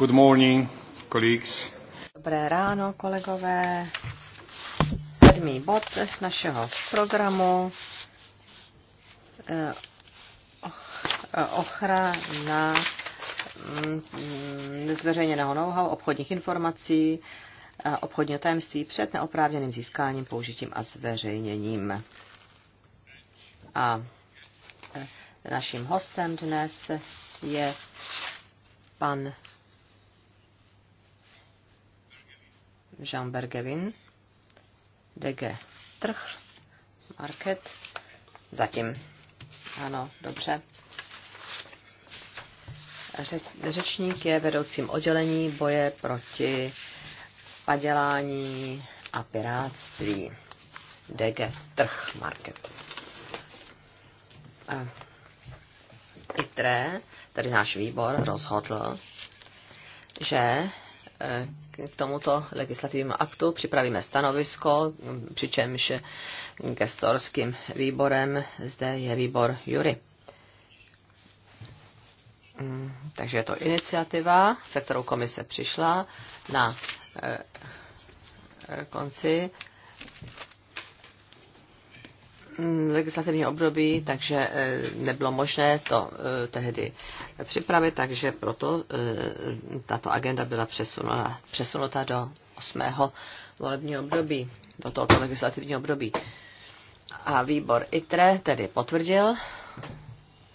Good morning, colleagues. Dobré ráno, kolegové. Sedmý bod našeho programu. Eh, eh, ochrana mm, nezveřejněného know-how, obchodních informací, obchodního tajemství před neoprávněným získáním, použitím a zveřejněním. A eh, naším hostem dnes je pan Jean Bergevin, DG Trh, Market, zatím. Ano, dobře. Řeč, řečník je vedoucím oddělení boje proti padělání a piráctví. DG Trh Market. A ITRE, tedy náš výbor, rozhodl, že eh, k tomuto legislativnímu aktu připravíme stanovisko, přičemž gestorským výborem zde je výbor Jury. Mm, takže je to iniciativa, se kterou komise přišla na eh, eh, konci Mm, legislativní období, takže eh, nebylo možné to eh, tehdy připravit, takže proto eh, tato agenda byla přesunuta, přesunuta do 8. volebního období, do tohoto legislativního období. A výbor ITRE tedy potvrdil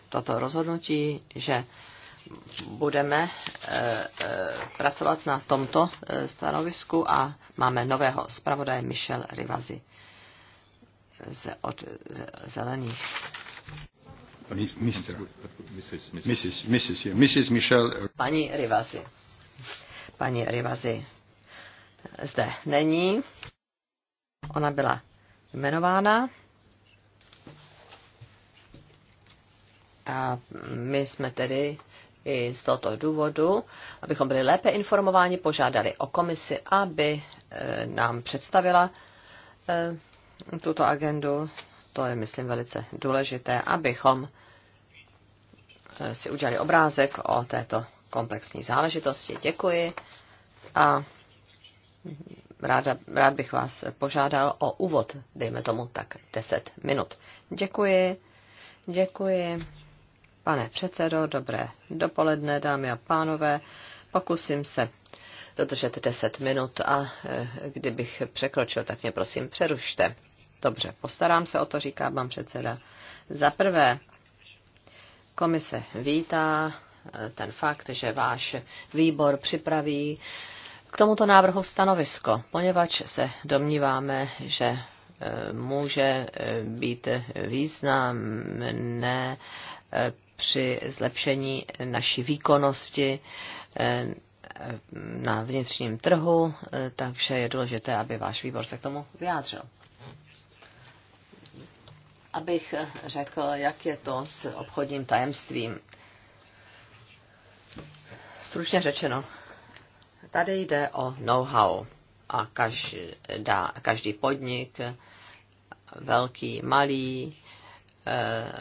toto rozhodnutí, že budeme pracovat na tomto stanovisku a máme nového zpravodaje Michel Rivazi z, od z, zelených. Paní Rivasi. Paní Rivasi zde není. Ona byla jmenována. A my jsme tedy i z tohoto důvodu, abychom byli lépe informováni, požádali o komisi, aby eh, nám představila eh, tuto agendu. To je, myslím, velice důležité, abychom eh, si udělali obrázek o této komplexní záležitosti. Děkuji a ráda, rád bych vás požádal o úvod, dejme tomu tak 10 minut. Děkuji, děkuji, pane předsedo, dobré dopoledne, dámy a pánové. Pokusím se dodržet 10 minut a eh, kdybych překročil, tak mě prosím přerušte. Dobře, postarám se o to, říká pan předseda. Za prvé, komise vítá eh, ten fakt, že váš výbor připraví k tomuto návrhu stanovisko, poněvadž se domníváme, že eh, může eh, být významné při zlepšení naší výkonnosti na vnitřním trhu, takže je důležité, aby váš výbor se k tomu vyjádřil abych řekl, jak je to s obchodním tajemstvím. Stručně řečeno, tady jde o know-how a každá, každý podnik, velký, malý, eh,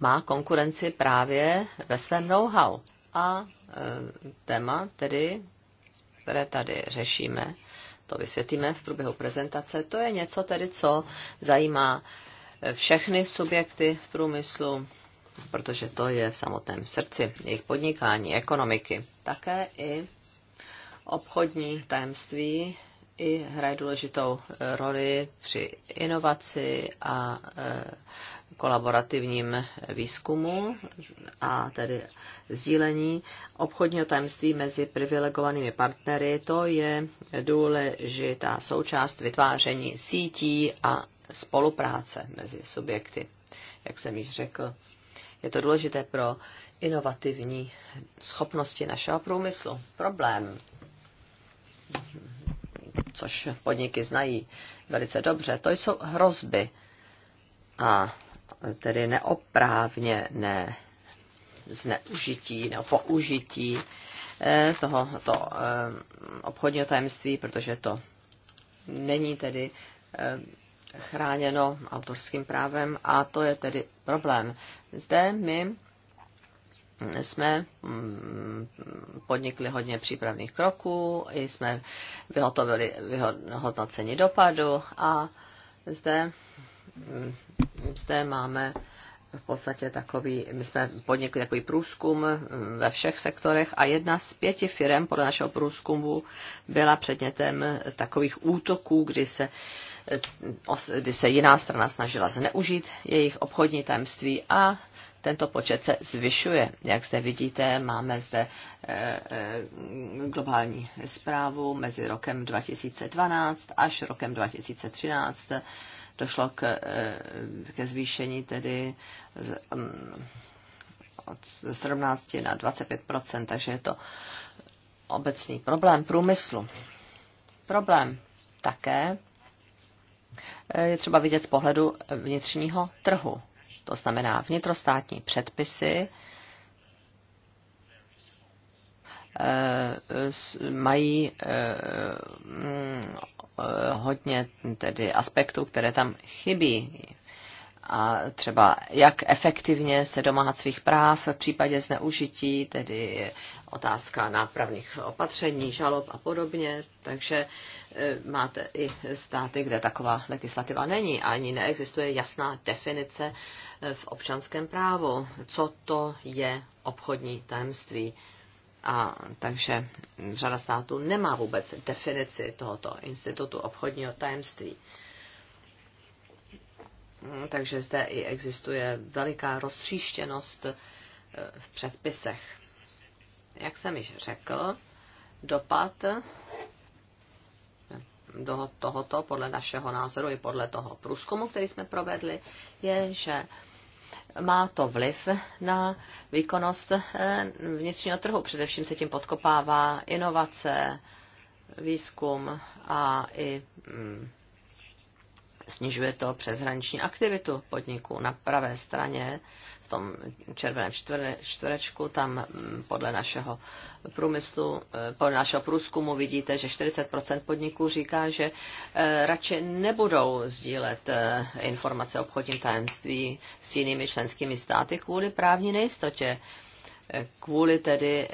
má konkurenci právě ve svém know-how. A eh, téma tedy, které tady řešíme, to vysvětlíme v průběhu prezentace, to je něco tedy, co zajímá všechny subjekty v průmyslu, protože to je v samotném srdci jejich podnikání, ekonomiky. Také i obchodní tajemství i hraje důležitou roli při inovaci a eh, kolaborativním výzkumu a tedy sdílení obchodního tajemství mezi privilegovanými partnery. To je důležitá součást vytváření sítí a spolupráce mezi subjekty, jak jsem již řekl. Je to důležité pro inovativní schopnosti našeho průmyslu. Problém, což podniky znají velice dobře, to jsou hrozby a tedy neoprávně ne zneužití nebo použití eh, toho, to eh, obchodního tajemství, protože to není tedy eh, chráněno autorským právem a to je tedy problém. Zde my jsme mm, podnikli hodně přípravných kroků, i jsme vyhotovili vyhodnocení dopadu a zde, mm, zde máme v podstatě takový, my jsme podnikli takový průzkum mm, ve všech sektorech a jedna z pěti firm podle našeho průzkumu byla předmětem takových útoků, kdy se uh, kdy se jiná strana snažila zneužít jejich obchodní tajemství a tento počet se zvyšuje. Jak zde vidíte, máme zde eh, eh, globální zprávu mezi rokem 2012 až rokem 2013. Došlo k, eh, ke zvýšení tedy z, mm, od 17 na 25 takže je to obecný problém průmyslu. Problém také Eh, je třeba vidět z pohledu vnitřního trhu. To znamená vnitrostátní předpisy, eh, mají eh, mm, hodně tedy aspektů, které tam chybí a třeba jak efektivně se domáhat svých práv v případě zneužití, tedy otázka nápravných opatření, žalob a podobně. Takže e, máte i státy, kde taková legislativa není, ani neexistuje jasná definice e, v občanském právu, co to je obchodní tajemství. A takže řada států nemá vůbec definici tohoto institutu obchodního tajemství. Hm, takže zde i existuje veliká roztříštěnost eh, v předpisech. Jak jsem již řekl, dopad do eh, tohoto, podle našeho názoru i podle toho průzkumu, který jsme provedli, je, že má to vliv na výkonnost eh, vnitřního trhu. Především se tím podkopává inovace, výzkum a i mm, snižuje to přeshraniční aktivitu podniku. Na pravé straně, v tom červeném čtvere, čtverečku, tam mm, podle našeho průmyslu, eh, podle našeho průzkumu vidíte, že 40% podniků říká, že eh, radši nebudou sdílet eh, informace o obchodním tajemství s jinými členskými státy kvůli právní nejistotě kvůli tedy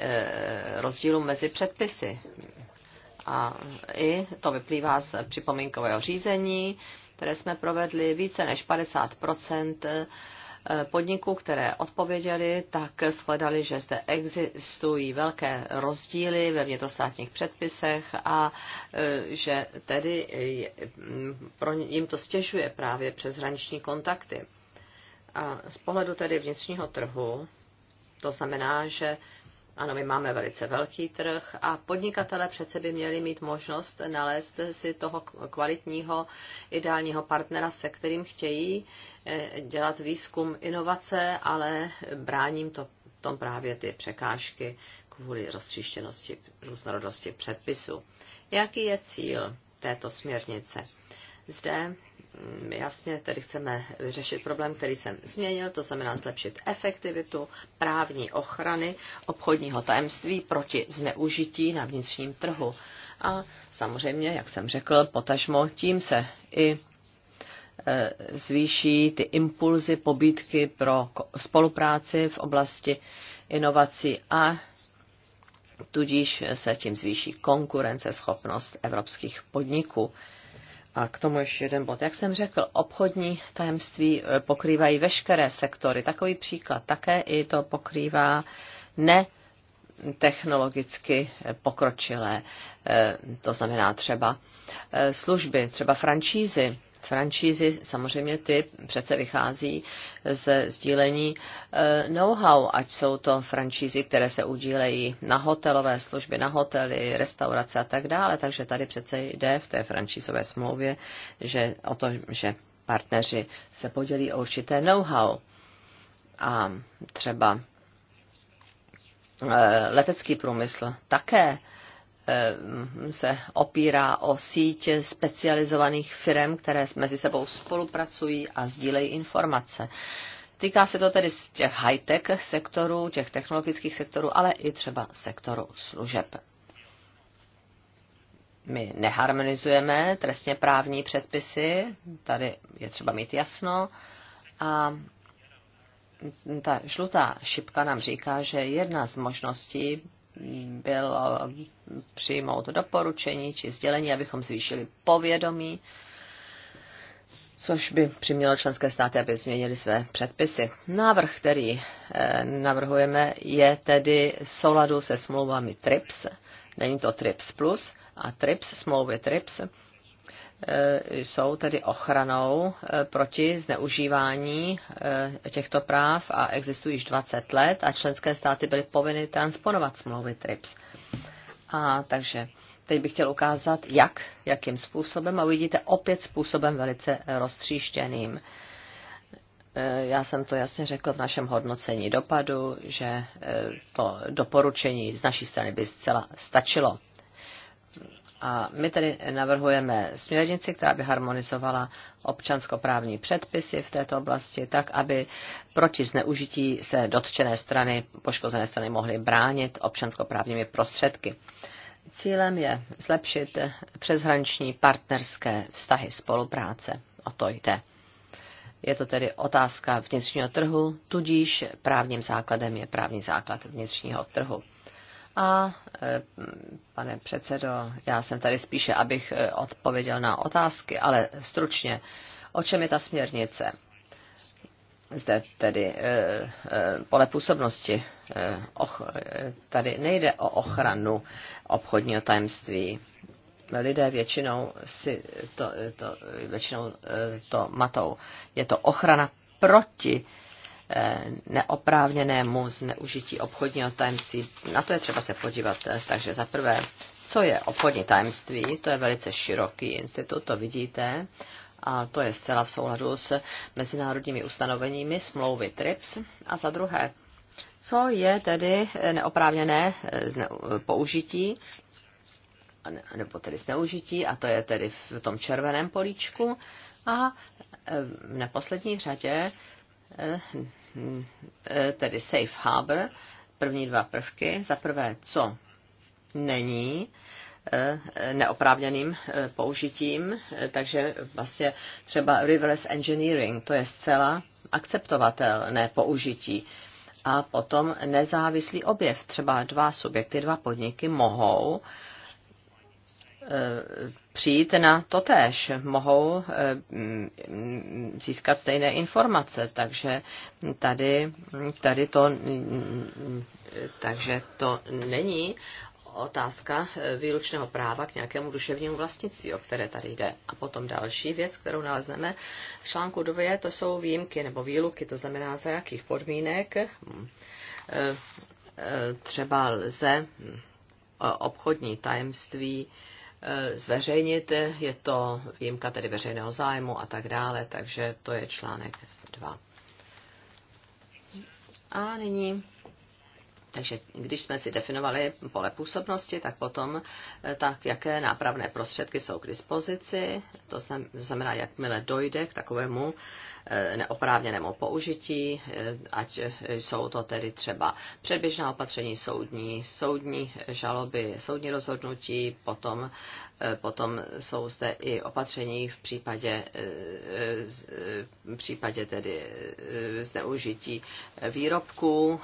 rozdílu mezi předpisy a i to vyplývá z připomínkového řízení, které jsme provedli, více než 50 eh, podniků, které odpověděli, tak shledali, že zde existují velké rozdíly ve vnitrostátních předpisech a eh, že tedy eh, pro jim to stěžuje právě přeshraniční kontakty. A z pohledu tedy vnitřního trhu, to znamená, že ano, my máme velice velký trh a podnikatele přece by měli mít možnost nalézt si toho kvalitního, ideálního partnera, se kterým chtějí eh, dělat výzkum inovace, ale bráním to, tom právě ty překážky kvůli roztříštěnosti, různorodosti předpisu. Jaký je cíl této směrnice? Zde jasně tedy chceme vyřešit problém, který jsem změnil, to znamená zlepšit efektivitu právní ochrany obchodního tajemství proti zneužití na vnitřním trhu. A samozřejmě, jak jsem řekl, potažmo tím se i e, zvýší ty impulzy, pobídky pro spolupráci v oblasti inovací a tudíž se tím zvýší konkurenceschopnost evropských podniků. A k tomu ještě jeden bod. Jak jsem řekl, obchodní tajemství eh, pokrývají veškeré sektory. Takový příklad také i to pokrývá ne technologicky eh, pokročilé, eh, to znamená třeba služby, třeba francízy, franšízy samozřejmě ty přece vychází ze sdílení eh, know-how, ať jsou to franšízy, které se udílejí na hotelové služby, na hotely, restaurace a tak dále. Takže tady přece jde v té franšízové smlouvě že o to, že partneři se podělí o určité know-how. A třeba eh, letecký průmysl také Eh, se opírá o síť specializovaných firm, které mezi sebou spolupracují a sdílejí informace. Týká se to tedy z těch high-tech sektorů, těch technologických sektorů, ale i třeba sektoru služeb. My neharmonizujeme trestně právní předpisy, tady je třeba mít jasno. A ta žlutá šipka nám říká, že jedna z možností bylo přijmout doporučení či sdělení, abychom zvýšili povědomí, což by přimělo členské státy, aby změnili své předpisy. Návrh, který eh, navrhujeme, je tedy v souladu se smlouvami TRIPS. Není to TRIPS+, plus a TRIPS, smlouvy TRIPS, Eh, jsou tedy ochranou eh, proti zneužívání eh, těchto práv a existují již 20 let a členské státy byly povinny transponovat smlouvy TRIPS. A takže teď bych chtěl ukázat, jak, jakým způsobem a uvidíte opět způsobem velice roztříštěným. Já jsem to jasně řekl v našem hodnocení dopadu, že to doporučení z naší strany by zcela stačilo a my tedy navrhujeme směrnici, která by harmonizovala občanskoprávní předpisy v této oblasti, tak aby proti zneužití se dotčené strany, poškozené strany mohly bránit občanskoprávními prostředky. Cílem je zlepšit přeshraniční partnerské vztahy spolupráce. O to jde. Je to tedy otázka vnitřního trhu, tudíž právním základem je právní základ vnitřního trhu. A e, pane předsedo, já jsem tady spíše, abych e, odpověděl na otázky, ale stručně, o čem je ta směrnice? Zde tedy e, pole působnosti tady nejde o ochranu obchodního tajemství. Lidé většinou si to, to, většinou to matou. Je to ochrana proti Eh, neoprávněnému zneužití obchodního tajemství. Na to je třeba se podívat. Eh, takže za prvé, co je obchodní tajemství? To je velice široký institut, to vidíte. A to je zcela v souladu s mezinárodními ustanoveními smlouvy TRIPS. A za druhé, co je tedy neoprávněné eh, použití nebo tedy zneužití, a to je tedy v tom červeném políčku. A v neposlední řadě Eh, eh, tedy safe harbor, první dva prvky. Za prvé, co není eh, neoprávněným použitím, takže vlastně třeba reverse engineering, to je zcela akceptovatelné použití. A potom nezávislý objev, třeba dva subjekty, dva podniky mohou přijít na totéž, mohou eh, mm, získat stejné informace, takže tady, tady to, mm, takže to není otázka eh, výlučného práva k nějakému duševnímu vlastnictví, o které tady jde. A potom další věc, kterou nalezneme v článku 2, to jsou výjimky nebo výluky, to znamená za jakých podmínek eh, třeba lze mm, obchodní tajemství Eh, zveřejnit. Je to výjimka tedy veřejného zájmu a tak dále, takže to je článek 2. A nyní takže když jsme si definovali pole působnosti, tak potom, eh, tak jaké nápravné prostředky jsou k dispozici, to znamená, jakmile dojde k takovému neoprávněnému použití, ať jsou to tedy třeba předběžná opatření soudní, soudní žaloby, soudní rozhodnutí, potom, potom jsou zde i opatření v případě, v případě tedy zneužití výrobků,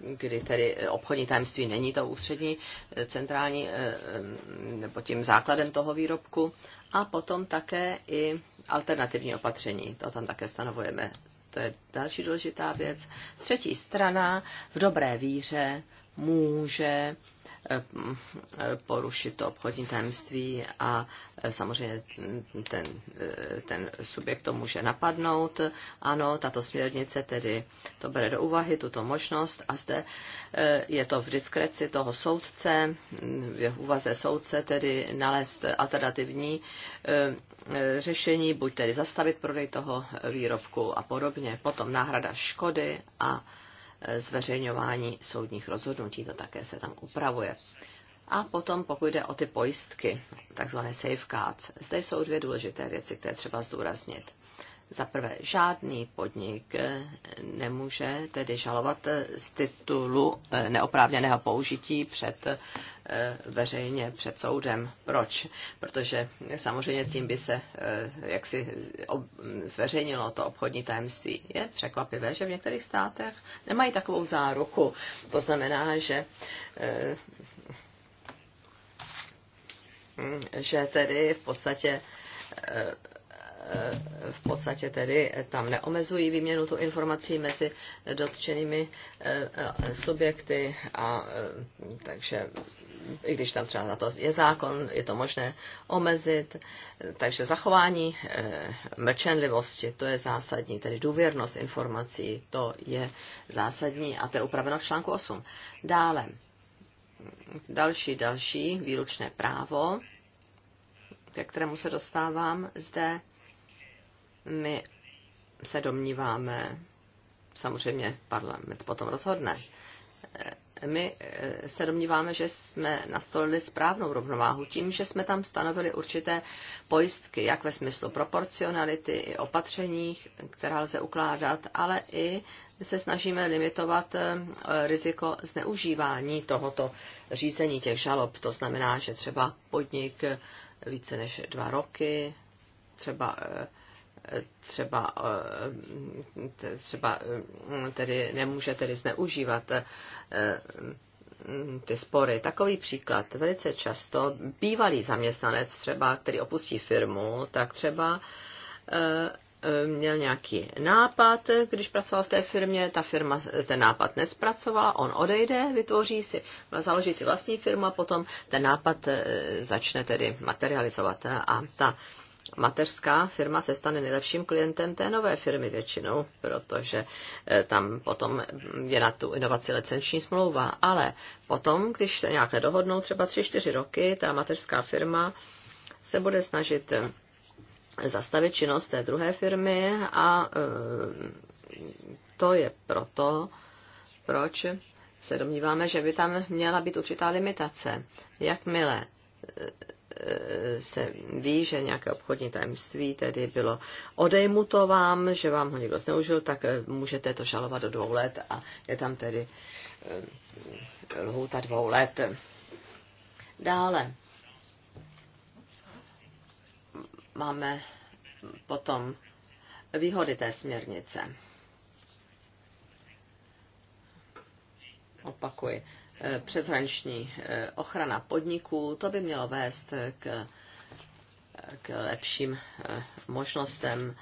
kdy tedy obchodní tajemství není to ústřední centrální nebo tím základem toho výrobku. A potom také i alternativní opatření, to tam také stanovujeme. To je další důležitá věc. Třetí strana v dobré víře může Eh, porušit to obchodní tajemství a eh, samozřejmě ten, eh, ten subjekt to může napadnout. Ano, tato směrnice tedy to bere do úvahy, tuto možnost a zde je to v diskreci toho soudce, v úvaze soudce tedy nalézt alternativní řešení, buď tedy zastavit prodej toho výrobku a podobně, potom náhrada škody a zveřejňování soudních rozhodnutí, to také se tam upravuje. A potom, pokud jde o ty pojistky, takzvané safe cards, zde jsou dvě důležité věci, které třeba zdůraznit. Za prvé, žádný podnik eh, nemůže tedy žalovat eh, z titulu eh, neoprávněného použití před veřejně před soudem. Proč? Protože samozřejmě tím by se jaksi zveřejnilo to obchodní tajemství. Je překvapivé, že v některých státech nemají takovou záruku. To znamená, že že tedy v podstatě Eh, v podstatě tedy tam neomezují výměnu tu informací mezi dotčenými eh, eh, subjekty a takže i když tam třeba na to je zákon, je to možné omezit. Takže zachování mlčenlivosti, to je zásadní, tedy důvěrnost informací, to je zásadní a to je upraveno v článku 8. Dále, další, další výlučné právo, ke kterému se dostávám zde, my se domníváme, samozřejmě parlament potom rozhodne, e, my e, se domníváme, že jsme nastolili správnou rovnováhu tím, že jsme tam stanovili určité pojistky, jak ve smyslu proporcionality i opatření, která lze ukládat, ale i se snažíme limitovat e, riziko zneužívání tohoto řízení těch žalob. To znamená, že třeba podnik více než dva roky, třeba třeba, eh, třeba eh, tedy nemůže tedy zneužívat eh, ty spory. Takový příklad. Velice často bývalý zaměstnanec třeba, který opustí firmu, tak třeba měl nějaký nápad, když pracoval v té firmě, ta firma ten nápad nespracovala, on odejde, vytvoří si, založí si vlastní firmu a potom ten nápad začne tedy materializovat a ta mateřská firma se stane nejlepším klientem té nové firmy většinou, protože eh, tam potom je na tu inovaci licenční smlouva. Ale potom, když se nějak dohodnou, třeba 3-4 roky, ta mateřská firma se bude snažit eh, zastavit činnost té druhé firmy a eh, to je proto, proč se domníváme, že by tam měla být určitá limitace. Jakmile Eh, se ví, že nějaké obchodní tajemství tedy bylo odejmuto vám, že vám ho někdo zneužil, tak eh, můžete to žalovat do dvou let a je tam tedy eh, lhůta dvou let. Dále máme potom výhody té směrnice. Opakuji Eh, přeshraniční eh, ochrana podniků, to by mělo vést k, k lepším eh, možnostem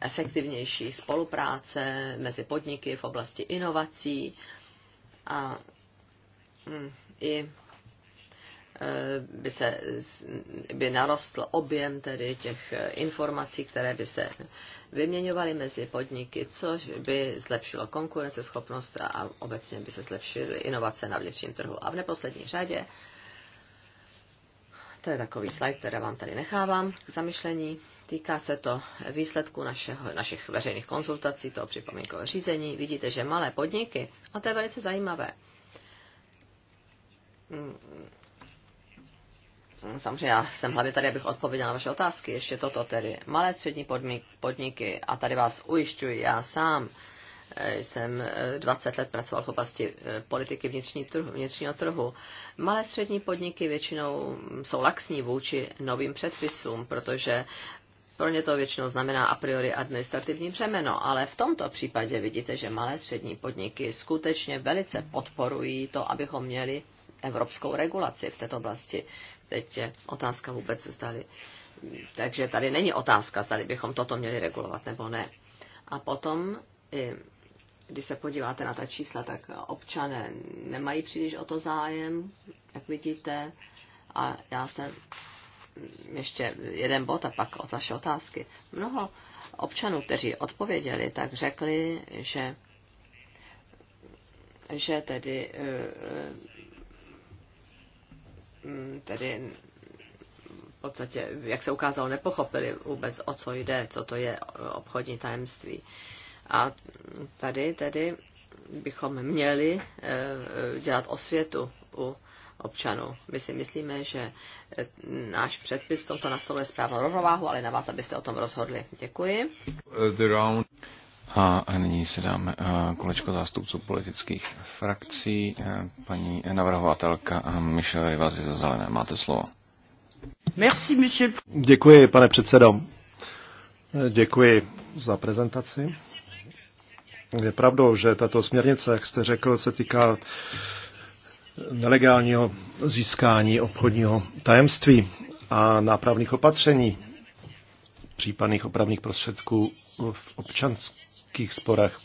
efektivnější spolupráce mezi podniky v oblasti inovací a mm, i Eh, by, se, by narostl objem tedy těch eh, informací, které by se vyměňovaly mezi podniky, což by zlepšilo konkurenceschopnost a obecně by se zlepšily inovace na vnitřním trhu. A v neposlední řadě, to je takový slide, který vám tady nechávám k zamyšlení, týká se to výsledku našeho, našich veřejných konzultací, toho připomínkového řízení. Vidíte, že malé podniky, a to je velice zajímavé, samozřejmě já jsem hlavně tady, abych odpověděla na vaše otázky. Ještě toto tedy. Malé střední podniky, a tady vás ujišťuji, já sám eh, jsem 20 eh, let pracoval v oblasti eh, politiky vnitřní trhu, vnitřního trhu. Malé střední podniky většinou hm, jsou laxní vůči novým předpisům, protože pro ně to většinou znamená a priori administrativní břemeno, ale v tomto případě vidíte, že malé střední podniky skutečně velice podporují to, abychom měli evropskou regulaci v této oblasti, Teď je otázka vůbec, zdali. Takže tady není otázka, zdali bychom toto měli regulovat nebo ne. A potom, když se podíváte na ta čísla, tak občané nemají příliš o to zájem, jak vidíte. A já jsem ještě jeden bod a pak od vaše otázky. Mnoho občanů, kteří odpověděli, tak řekli, že že tedy eh, Mm, tedy v podstatě, jak se ukázalo, nepochopili vůbec, o co jde, co to je obchodní tajemství. A tady tedy bychom měli eh, dělat osvětu u občanů. My si myslíme, že eh, náš předpis tomto nastoluje správnou rovnováhu, ale na vás, abyste o tom rozhodli. Děkuji. Eh, a nyní si dáme eh, kolečko zástupců politických frakcí. Eh, paní navrhovatelka Michelle Rivazi za zelené. Máte slovo. Merci, monsieur. Děkuji, pane předsedo. Eh, děkuji za prezentaci. Je pravdou, že tato směrnice, jak jste řekl, se týká nelegálního získání obchodního tajemství a nápravných opatření případných opravných prostředků v občanských sporech.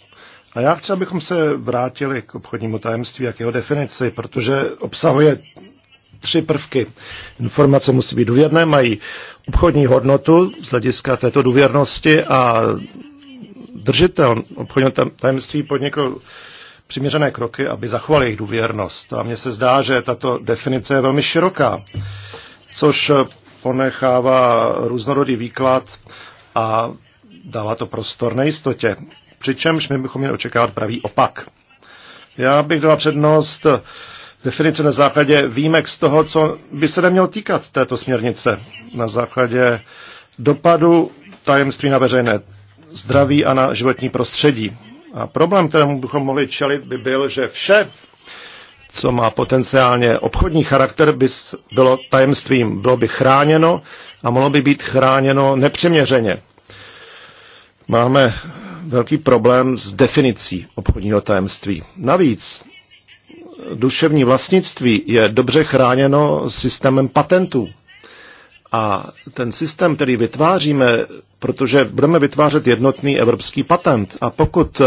A já chci, abychom se vrátili k obchodnímu tajemství a k jeho definici, protože obsahuje tři prvky. Informace musí být důvěrné, mají obchodní hodnotu z hlediska této důvěrnosti a držitel obchodního tajemství podnikl přiměřené kroky, aby zachoval jejich důvěrnost. A mně se zdá, že tato definice je velmi široká, což ponechává různorodý výklad a dává to prostor nejistotě. Přičemž my bychom měli očekávat pravý opak. Já bych dala přednost definice na základě výjimek z toho, co by se nemělo týkat této směrnice. Na základě dopadu tajemství na veřejné zdraví a na životní prostředí. A problém, kterému bychom mohli čelit, by byl, že vše co má potenciálně obchodní charakter, by bylo tajemstvím, bylo by chráněno a mohlo by být chráněno nepřeměřeně. Máme velký problém s definicí obchodního tajemství. Navíc duševní vlastnictví je dobře chráněno systémem patentů. A ten systém, který vytváříme, protože budeme vytvářet jednotný evropský patent. A pokud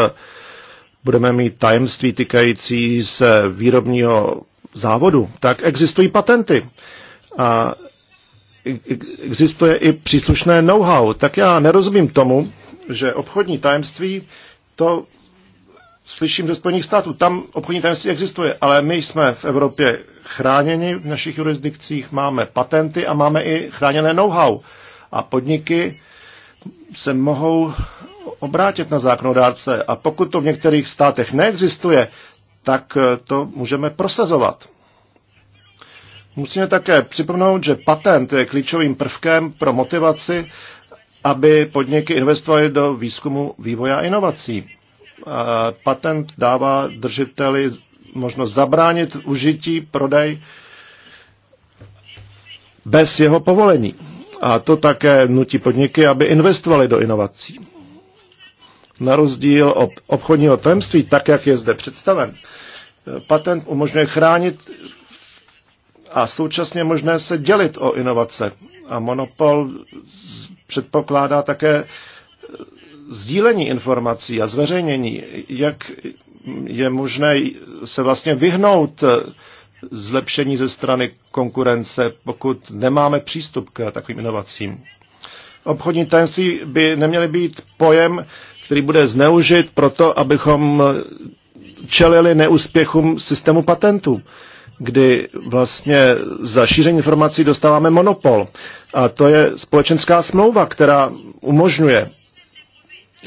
budeme mít tajemství týkající se výrobního závodu, tak existují patenty. A existuje i příslušné know-how. Tak já nerozumím tomu, že obchodní tajemství, to slyším ze Spojených států, tam obchodní tajemství existuje, ale my jsme v Evropě chráněni, v našich jurisdikcích máme patenty a máme i chráněné know-how. A podniky se mohou obrátit na zákonodárce a pokud to v některých státech neexistuje, tak eh, to můžeme prosazovat. Musíme také připomenout, že patent je klíčovým prvkem pro motivaci, aby podniky investovaly do výzkumu, vývoje a inovací. A patent dává držiteli možnost zabránit užití, prodej bez jeho povolení. A to také nutí podniky, aby investovali do inovací na rozdíl od obchodního tajemství, tak jak je zde představen, patent umožňuje chránit a současně možné se dělit o inovace. A monopol předpokládá také sdílení informací a zveřejnění, jak je možné se vlastně vyhnout zlepšení ze strany konkurence, pokud nemáme přístup k takovým inovacím. Obchodní tajemství by neměly být pojem, který bude zneužit proto, abychom čelili neúspěchům systému patentů, kdy vlastně za šíření informací dostáváme monopol. A to je společenská smlouva, která umožňuje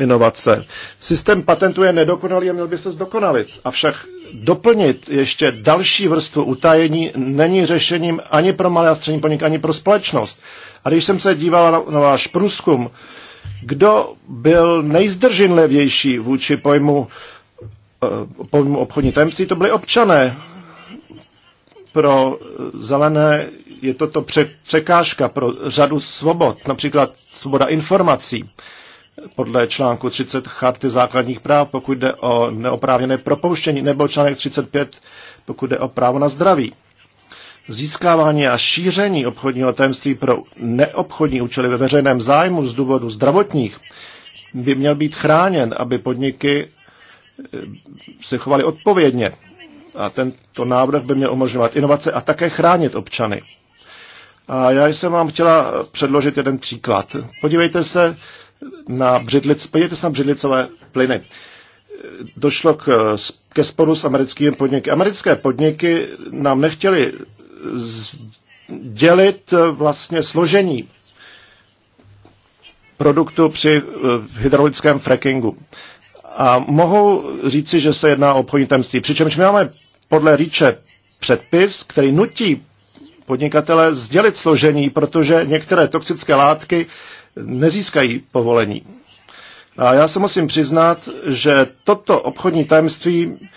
inovace. Systém patentů je nedokonalý a měl by se zdokonalit. Avšak doplnit ještě další vrstvu utajení není řešením ani pro malé a střední podnik, ani pro společnost. A když jsem se díval na, na váš průzkum, kdo byl nejzdrženlivější vůči pojmu, eh, pojmu obchodní tajemství, to byly občané. Pro zelené je toto překážka pro řadu svobod, například svoboda informací podle článku 30 Charty základních práv, pokud jde o neoprávněné propouštění, nebo článek 35, pokud jde o právo na zdraví získávání a šíření obchodního tajemství pro neobchodní účely ve veřejném zájmu z důvodu zdravotních by měl být chráněn, aby podniky eh, se chovaly odpovědně. A tento návrh by měl umožňovat inovace a také chránit občany. A já jsem vám chtěla předložit jeden příklad. Podívejte se na, břidlic, podívejte se na břidlicové plyny. Došlo k, ke sporu s americkými podniky. Americké podniky nám nechtěli dělit eh, vlastně složení produktu při eh, hydraulickém frackingu. A mohou říci, že se jedná o obchodní tajemství. Přičemž my máme podle Ríče předpis, který nutí podnikatele sdělit složení, protože některé toxické látky nezískají povolení. A já se musím přiznat, že toto obchodní tajemství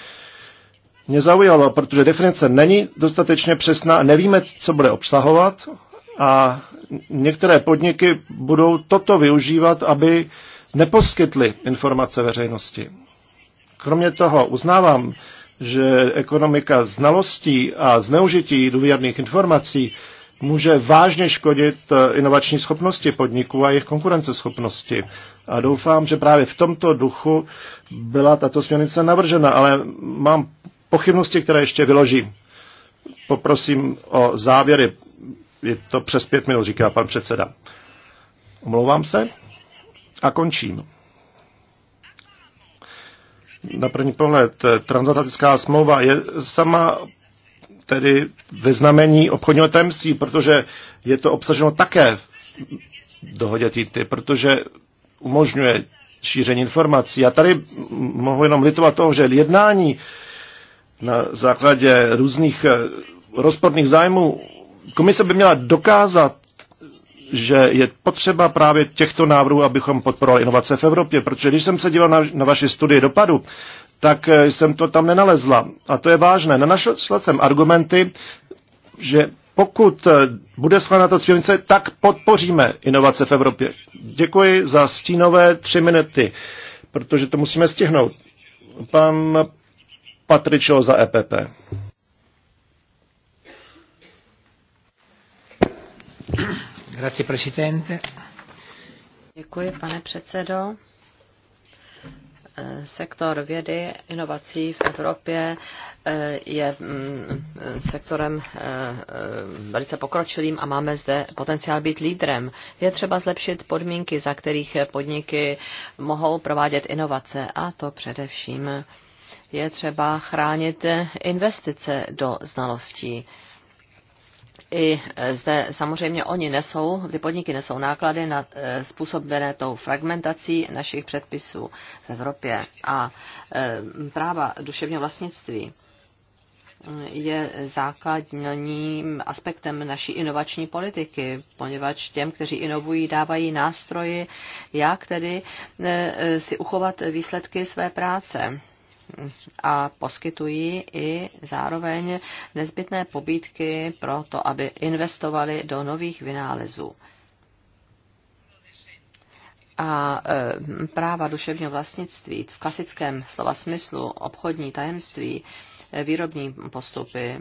mě zaujalo, protože definice není dostatečně přesná, nevíme, co bude obsahovat a některé podniky budou toto využívat, aby neposkytly informace veřejnosti. Kromě toho uznávám, že ekonomika znalostí a zneužití důvěrných informací může vážně škodit eh, inovační schopnosti podniků a jejich konkurenceschopnosti. A doufám, že právě v tomto duchu byla tato směrnice navržena, ale mám pochybnosti, které ještě vyložím. Poprosím o závěry. Je to přes pět minut, říká pan předseda. Omlouvám se a končím. Na první pohled, eh, transatlantická smlouva je sama tedy ve znamení obchodního tajemství, protože je to obsaženo také v dohodě TTIP, protože umožňuje šíření informací. A tady mohu jenom litovat toho, že jednání na základě různých eh, rozporných zájmů. Komise by měla dokázat, že je potřeba právě těchto návrhů, abychom podporovali inovace v Evropě, protože když jsem se díval na, na vaši studii dopadu, tak eh, jsem to tam nenalezla. A to je vážné. Nenašel jsem argumenty, že pokud eh, bude schválena ta směrnice, tak podpoříme inovace v Evropě. Děkuji za stínové tři minuty, protože to musíme stihnout. Pan Patričo za EPP. Děkuji, pane předsedo eh, sektor vědy, inovací v Evropě eh, je mm, sektorem eh, velice pokročilým a máme zde potenciál být lídrem. Je třeba zlepšit podmínky, za kterých podniky mohou provádět inovace, a to především je třeba chránit investice do znalostí. I zde samozřejmě oni nesou, ty podniky nesou náklady na, eh, způsobené tou fragmentací našich předpisů v Evropě a eh, práva duševního vlastnictví je základním aspektem naší inovační politiky, poněvadž těm, kteří inovují, dávají nástroji, jak tedy eh, si uchovat výsledky své práce a poskytují i zároveň nezbytné pobídky pro to, aby investovali do nových vynálezů. A e, práva duševního vlastnictví v klasickém slova smyslu, obchodní tajemství, e, výrobní postupy,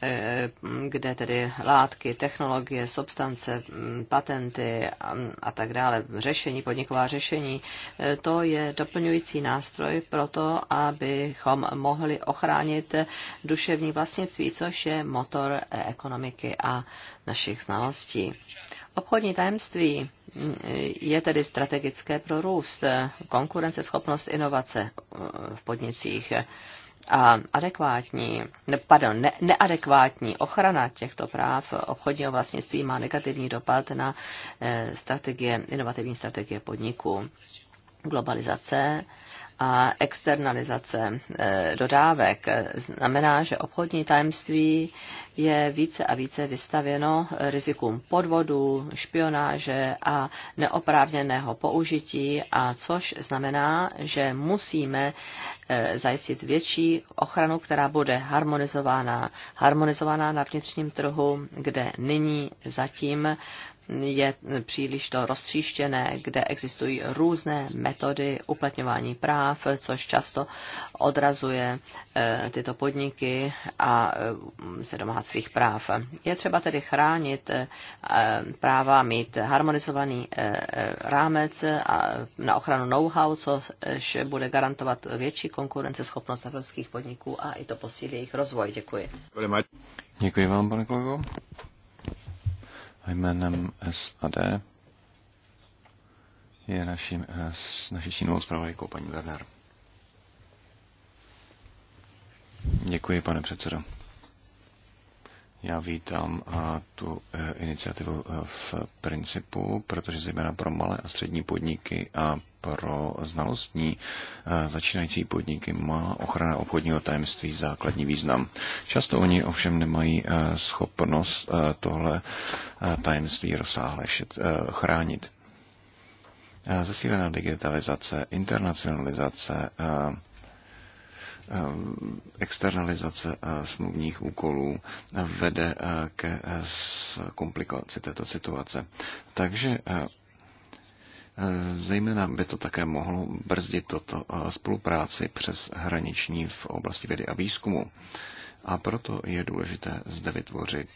Eh, kde tedy látky, technologie, substance, mm, patenty a, a tak dále, řešení, podniková řešení, eh, to je doplňující nástroj pro to, abychom mohli ochránit duševní vlastnictví, což je motor eh, ekonomiky a našich znalostí. Obchodní tajemství mm, je tedy strategické pro růst, konkurenceschopnost inovace v podnicích a adekvátní, ne, pardon, ne, neadekvátní ochrana těchto práv obchodního vlastnictví má negativní dopad na eh, strategie, inovativní strategie podniků. Globalizace a externalizace eh, dodávek eh, znamená, že obchodní tajemství je více a více vystavěno rizikům podvodu, špionáže a neoprávněného použití, a což znamená, že musíme eh, zajistit větší ochranu, která bude harmonizována, harmonizována na vnitřním trhu, kde nyní zatím je příliš to roztříštěné, kde existují různé metody uplatňování práv, což často odrazuje eh, tyto podniky a eh, se domáhat svých práv. Je třeba tedy chránit eh, práva, mít harmonizovaný rámec a na ochranu know-how, což bude garantovat větší konkurenceschopnost evropských podniků a i to posílí jejich rozvoj. Děkuji. Děkuji vám, pane kolego jménem SAD je naším, naší činnou zpravodajkou paní Werner. Děkuji, pane předsedo. Já vítám tu e, iniciativu e, v principu, protože zejména pro malé a střední podniky a pro znalostní e, začínající podniky má ochrana obchodního tajemství základní význam. Často oni ovšem nemají schopnost tohle tajemství rozsáhle chránit. Zesílená digitalizace, internacionalizace, externalizace eh, smluvních úkolů eh, vede eh, ke komplikaci této situace. Takže Zejména by to také mohlo brzdit toto spolupráci přes hraniční v oblasti vědy a výzkumu. A proto je důležité zde vytvořit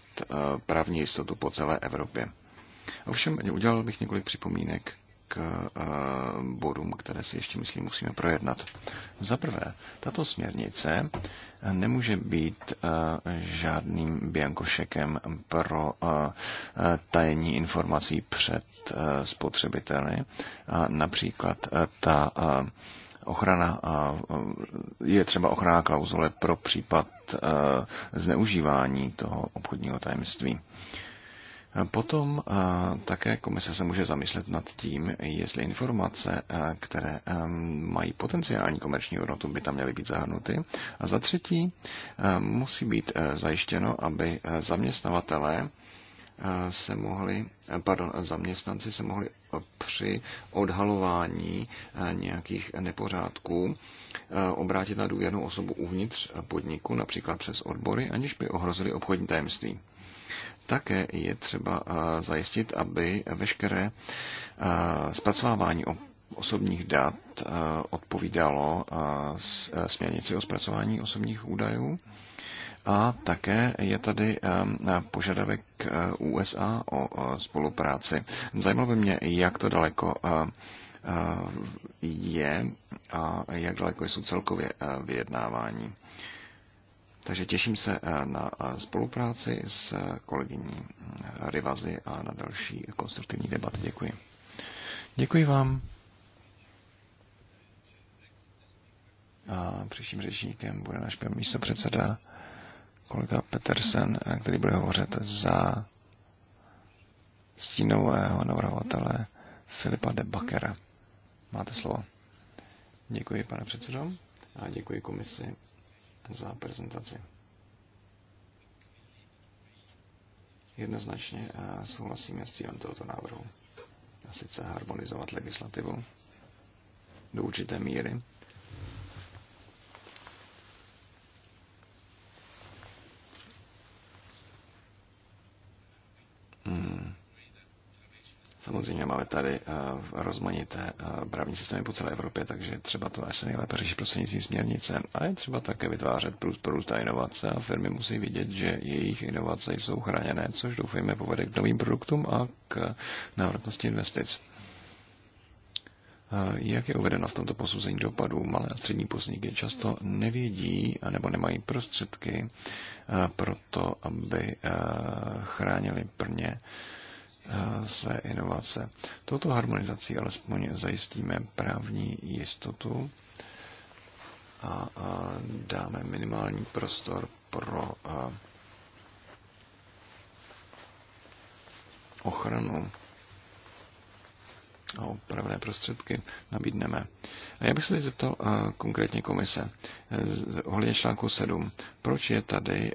právní jistotu po celé Evropě. Ovšem, udělal bych několik připomínek k eh, bodům, které si ještě, myslím, musíme projednat. Za prvé, tato směrnice nemůže být eh, žádným biankošekem pro eh, tajení informací před spotřebiteli. Například ta ochrana, je třeba ochrana klauzule pro případ zneužívání toho obchodního tajemství. Potom také komise se může zamyslet nad tím, jestli informace, které mají potenciální komerční hodnotu, by tam měly být zahrnuty. A za třetí musí být zajištěno, aby zaměstnavatelé se mohli, pardon, zaměstnanci se mohli při odhalování nějakých nepořádků obrátit na důvěrnou osobu uvnitř podniku, například přes odbory, aniž by ohrozili obchodní tajemství. Také je třeba zajistit, aby veškeré zpracovávání osobních dat odpovídalo e, směrnici o zpracování osobních údajů. A také je tady požadavek e, USA o spolupráci. Zajímalo by mě, jak to daleko je a jak daleko jsou celkově vyjednávání. Takže těším se eh, na eh, spolupráci s eh, kolegyní Rivazy a na další konstruktivní debaty. Děkuji. Děkuji vám. A příštím řečníkem bude náš místo předseda kolega Petersen, který bude hovořit za stínového navrhovatele Filipa de Bakera. Máte slovo. Děkuji, pane předsedo, a děkuji komisi za prezentaci. Jednoznačně eh, souhlasím s cílem tohoto návrhu. A sice harmonizovat legislativu do určité míry Samozřejmě máme tady eh, rozmanité eh, právní systémy po celé Evropě, takže třeba to asi nejlépe řešit prostřednictvím směrnice. A je třeba také vytvářet plus a inovace a firmy musí vidět, že jejich inovace jsou chráněné, což doufejme povede k novým produktům a k návratnosti investic. Eh, jak je uvedeno v tomto posouzení dopadů, malé a střední podniky často nevědí nebo nemají prostředky pro to, aby chránili prně Eh, své inovace. Toto harmonizací alespoň zajistíme právní jistotu a dáme minimální prostor pro eh, ochranu a opravné prostředky nabídneme. A já bych se teď zeptal uh, konkrétně komise uh, ohledně článku 7. Proč je tady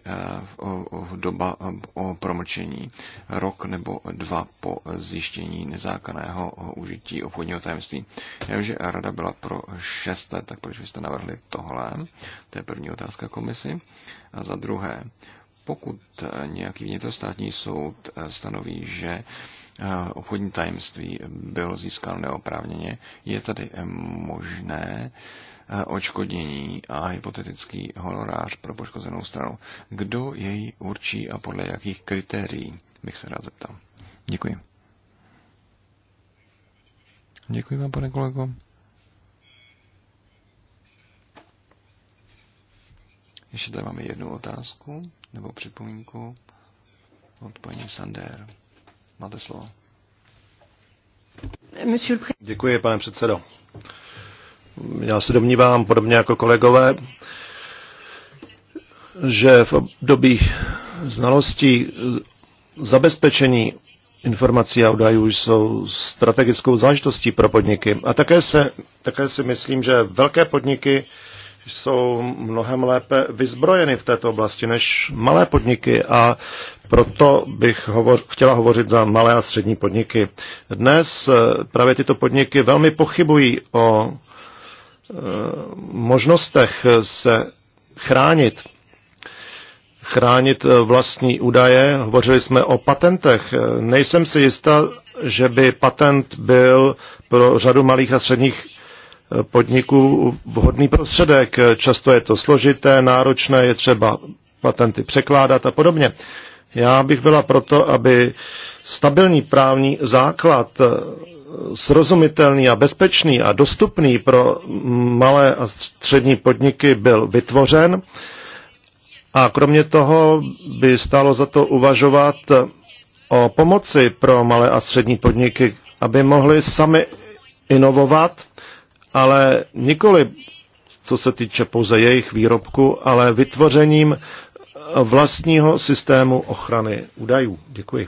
uh, o, o doba um, o promlčení rok nebo dva po zjištění nezákonného užití obchodního tajemství? Já vím, že rada byla pro 6 let, tak proč byste navrhli tohle? To je první otázka komisi. A za druhé, pokud nějaký vnitrostátní soud stanoví, že uh, obchodní tajemství bylo získáno neoprávněně, je tady eh, možné eh, očkodnění a hypotetický honorář pro poškozenou stranu. Kdo jej určí a podle jakých kritérií, bych se rád zeptal. Děkuji. Děkuji vám, pane kolego. Ještě tady máme jednu otázku nebo připomínku od paní Sander. Máte slovo. Děkuji, pane předsedo. Já se domnívám, podobně jako kolegové, že v období znalostí zabezpečení informací a údajů jsou strategickou záležitostí pro podniky. A také, se, také si myslím, že velké podniky jsou mnohem lépe vyzbrojeny v této oblasti než malé podniky a proto bych hovoř, chtěla hovořit za malé a střední podniky. Dnes eh, právě tyto podniky velmi pochybují o e, možnostech se chránit chránit eh, vlastní údaje. Hovořili jsme o patentech. Nejsem si jistá, že by patent byl pro řadu malých a středních podniků vhodný prostředek. Často je to složité, náročné, je třeba patenty překládat a podobně. Já bych byla proto, aby stabilní právní základ eh, srozumitelný a bezpečný a dostupný pro malé a střední podniky byl vytvořen. A kromě toho by stálo za to uvažovat o pomoci pro malé a střední podniky, aby mohly sami inovovat ale nikoli co se týče pouze jejich výrobku, ale vytvořením vlastního systému ochrany údajů. Děkuji.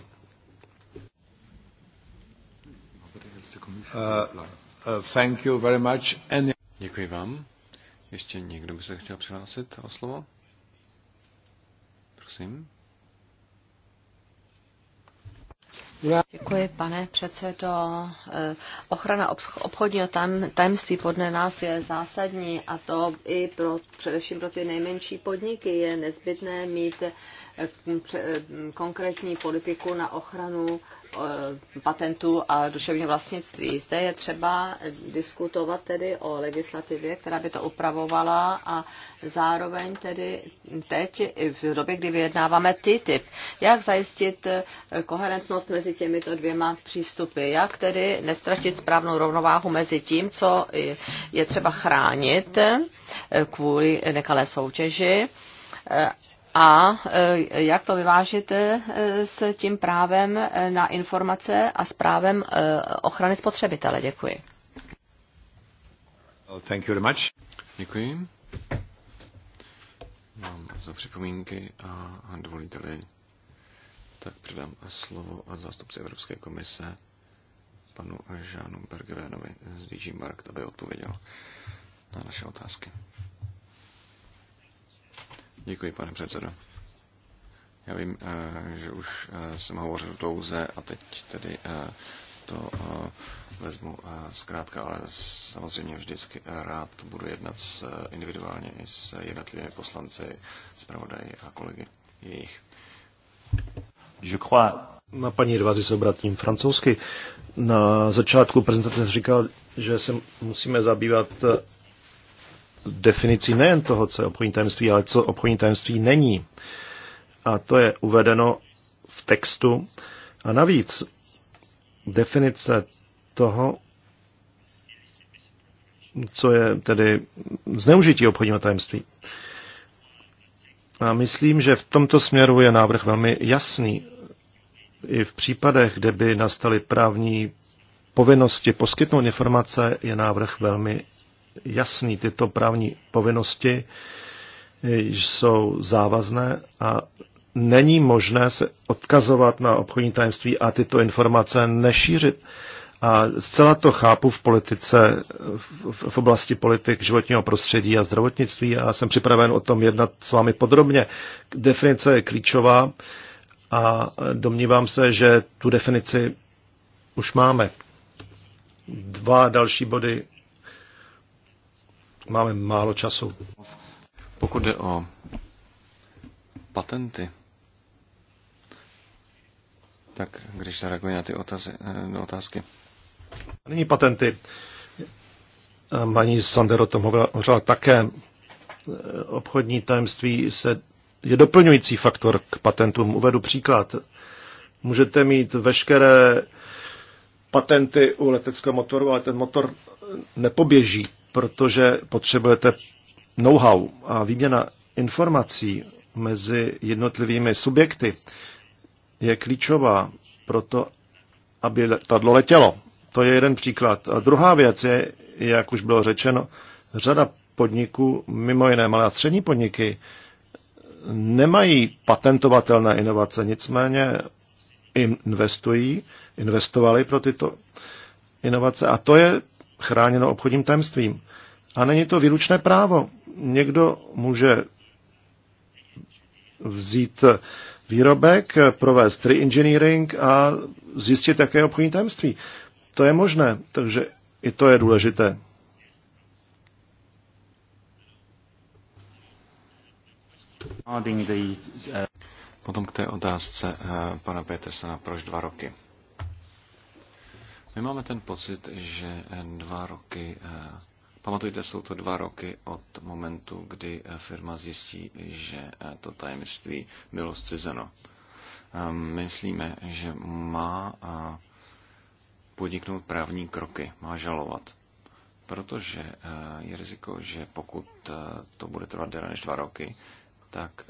Uh, uh, Děkuji vám. Ještě někdo by se chtěl přihlásit o slovo? Prosím. Děkuji, pane předsedo. Eh, ochrana obchodního tajemství podle nás je zásadní a to i pro, především pro ty nejmenší podniky je nezbytné mít konkrétní politiku na ochranu eh, patentů a duševního vlastnictví. Zde je třeba diskutovat tedy o legislativě, která by to upravovala a zároveň tedy teď, v době, kdy vyjednáváme TTIP, jak zajistit eh, koherentnost mezi těmito dvěma přístupy, jak tedy nestratit správnou rovnováhu mezi tím, co je třeba chránit eh, kvůli nekalé soutěži, a e, jak to vyvážit e, s tím právem e, na informace a s právem ochrany spotřebitele. Děkuji. Thank you very much. Děkuji. Mám za připomínky a dovolíte-li, tak předám slovo a zástupci Evropské komise panu Žánu Bergevénovi z DG Markt, aby odpověděl na naše otázky. Děkuji, pane předsedo. Já vím, eh, že už eh, jsem hovořil dlouze a teď tedy eh, to vezmu zkrátka, ale samozřejmě vždycky rád budu jednat s, individuálně i s jednotlivými poslanci, zpravodaji a kolegy jejich. Je crois... Na paní Rvazi se obratím francouzsky. Na začátku prezentace říkal, že se musíme zabývat definici nejen toho, co je obchodní tajemství, ale co obchodní tajemství není. A to je uvedeno v textu. A navíc definice toho, co je tedy zneužití obchodního tajemství. A myslím, že v tomto směru je návrh velmi jasný. I v případech, kde by nastaly právní povinnosti poskytnout informace, je návrh velmi jasný. Tyto právní povinnosti eh, jsou závazné a není možné se odkazovat na obchodní tajemství a tyto informace nešířit. A zcela to chápu v politice, v, v oblasti politik životního prostředí a zdravotnictví a jsem připraven o tom jednat s vámi podrobně. Definice je klíčová a domnívám se, že tu definici už máme. Dva další body máme málo času. Pokud jde o patenty, tak když zareaguji na ty otázky, eh, na otázky. Není patenty. Paní Sandero tom hovořila také. Eh, obchodní tajemství se, je doplňující faktor k patentům. Uvedu příklad. Můžete mít veškeré patenty u leteckého motoru, ale ten motor nepoběží, protože potřebujete know-how a výměna informací mezi jednotlivými subjekty je klíčová pro to, aby letadlo letělo. To je jeden příklad. A druhá věc je, jak už bylo řečeno, řada podniků, mimo jiné malé a střední podniky, nemají patentovatelné inovace, nicméně investují investovali pro tyto inovace. A to je chráněno obchodním tajemstvím. A není to výlučné právo. Někdo může vzít výrobek, provést re-engineering a zjistit, jaké je obchodní tajemství. To je možné, takže i to je důležité. Uh, Potom k té otázce uh, pana Petersena, proč dva roky? My máme ten pocit, že eh, dva roky, eh, pamatujte, jsou to dva roky od momentu, kdy eh, firma zjistí, že to tajemství bylo zcizeno. Ehm, myslíme, že má podniknout právní kroky, má žalovat. Protože je riziko, že pokud to bude trvat déle než dva roky, tak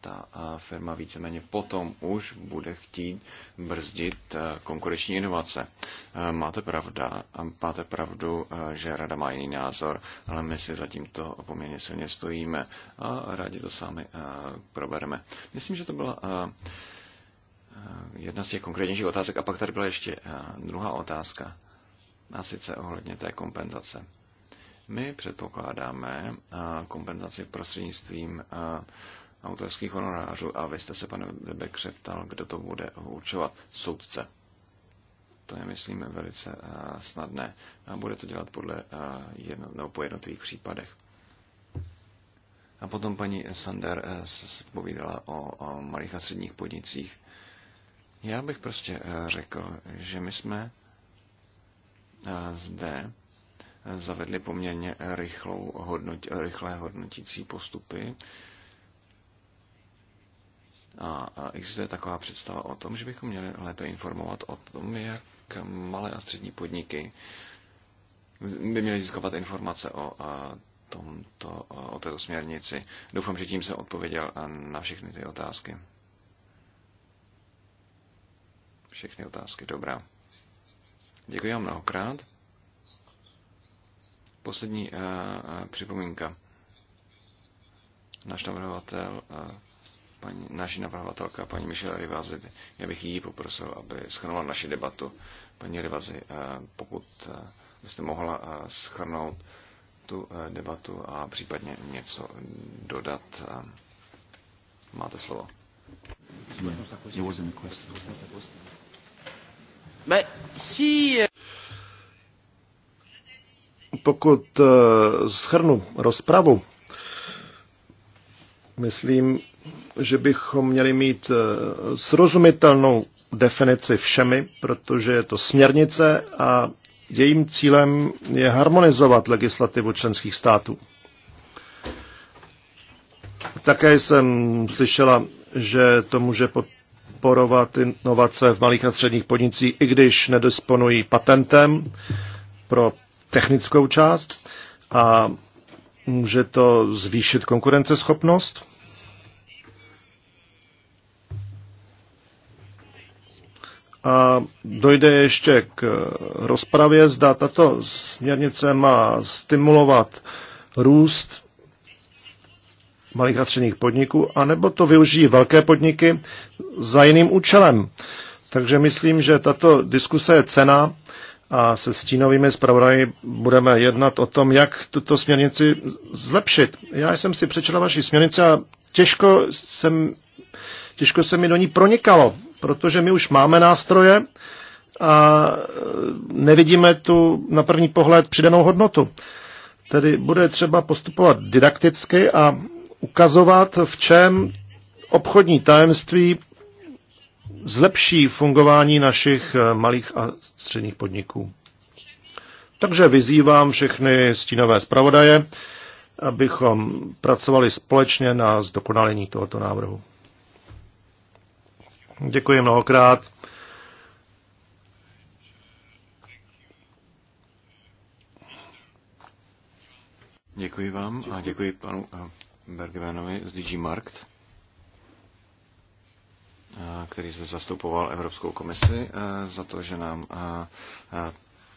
ta firma víceméně potom už bude chtít brzdit e, konkurenční inovace. E, máte, pravda, máte pravdu, e, že rada má jiný názor, ale my si zatím to poměrně silně stojíme a rádi to s vámi probereme. Myslím, že to byla jedna z těch konkrétnějších otázek. A pak tady byla ještě druhá otázka, a sice ohledně té kompenzace. My předpokládáme kompenzaci prostřednictvím autorských honorářů. A vy jste se, pane Bekře, ptal, kdo to bude určovat. Soudce. To je, myslím, velice eh, snadné. A bude to dělat podle eh, jedno, nebo po jednotlivých případech. A potom paní Sander eh, povídala o, o malých a středních podnicích. Já bych prostě řekl, že my jsme zde zavedli poměrně rychlou hodnotí, rychlé hodnotící postupy a existuje taková představa o tom, že bychom měli lépe informovat o tom, jak malé a střední podniky by měly získovat informace o tomto, o této směrnici. Doufám, že tím jsem odpověděl na všechny ty otázky. Všechny otázky, dobrá. Děkuji vám mnohokrát. Poslední připomínka. Náš navrhovatel paní, naši navrhovatelka, paní Michelle Rivazi, já bych jí poprosil, aby schrnula naši debatu. Paní Rivazi, eh, pokud eh, byste mohla eh, schrnout tu debatu a případně něco dodat, máte slovo. Pokud schrnu rozpravu, myslím, že bychom měli mít eh, srozumitelnou definici všemi, protože je to směrnice a jejím cílem je harmonizovat legislativu členských států. Také jsem slyšela, že to může podporovat inovace v malých a středních podnicích, i když nedisponují patentem pro technickou část a může to zvýšit konkurenceschopnost A dojde ještě k rozpravě, zda tato směrnice má stimulovat růst malých a středních podniků, anebo to využijí velké podniky za jiným účelem. Takže myslím, že tato diskuse je cena a se stínovými zpravodaji budeme jednat o tom, jak tuto směrnici zlepšit. Já jsem si přečetl vaši směrnici a těžko, jsem, těžko se mi do ní pronikalo protože my už máme nástroje a e, nevidíme tu na první pohled přidanou hodnotu. Tedy bude třeba postupovat didakticky a ukazovat, v čem obchodní tajemství zlepší fungování našich e, malých a středních podniků. Takže vyzývám všechny stínové zpravodaje, abychom pracovali společně na zdokonalení tohoto návrhu. Děkuji mnohokrát. Děkuji vám a děkuji panu eh, Bergvenovi z DG Markt, eh, který zde zastupoval Evropskou komisi eh, za to, že nám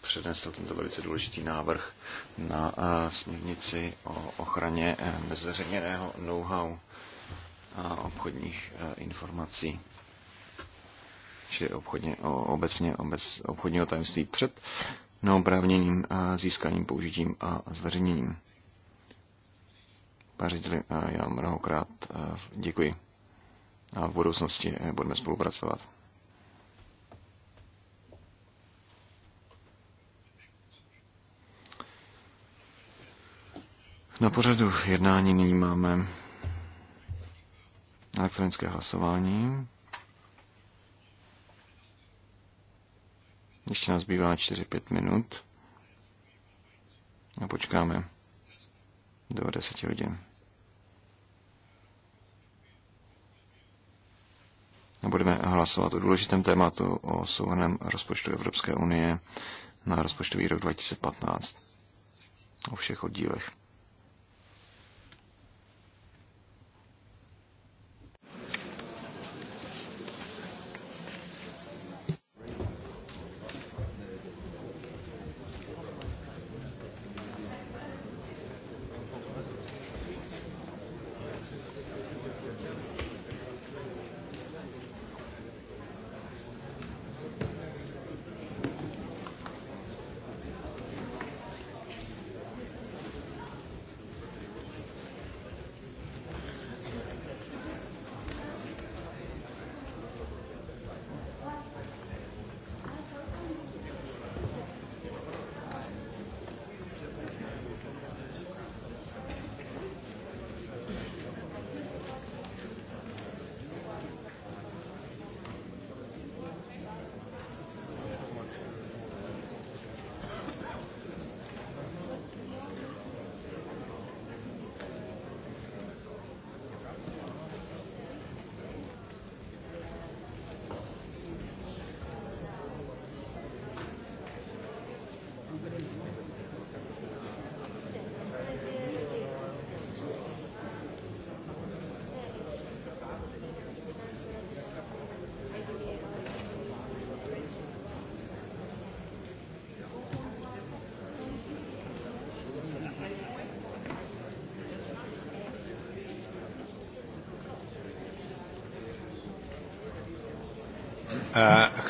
přednesl tento velice důležitý návrh na směrnici o ochraně bezveřejněného know-how a obchodních informací že obchodně, obecně obec, obchodního tajemství před neoprávněným získáním, použitím a zveřejněním. Pane řediteli, já mnohokrát děkuji a v budoucnosti e, budeme spolupracovat. Na pořadu jednání nyní máme elektronické hlasování. Ještě nás zbývá 4-5 minut. A počkáme do 10 hodin. A budeme hlasovat o důležitém tématu o souhrném rozpočtu Evropské unie na rozpočtový rok 2015. O všech oddílech.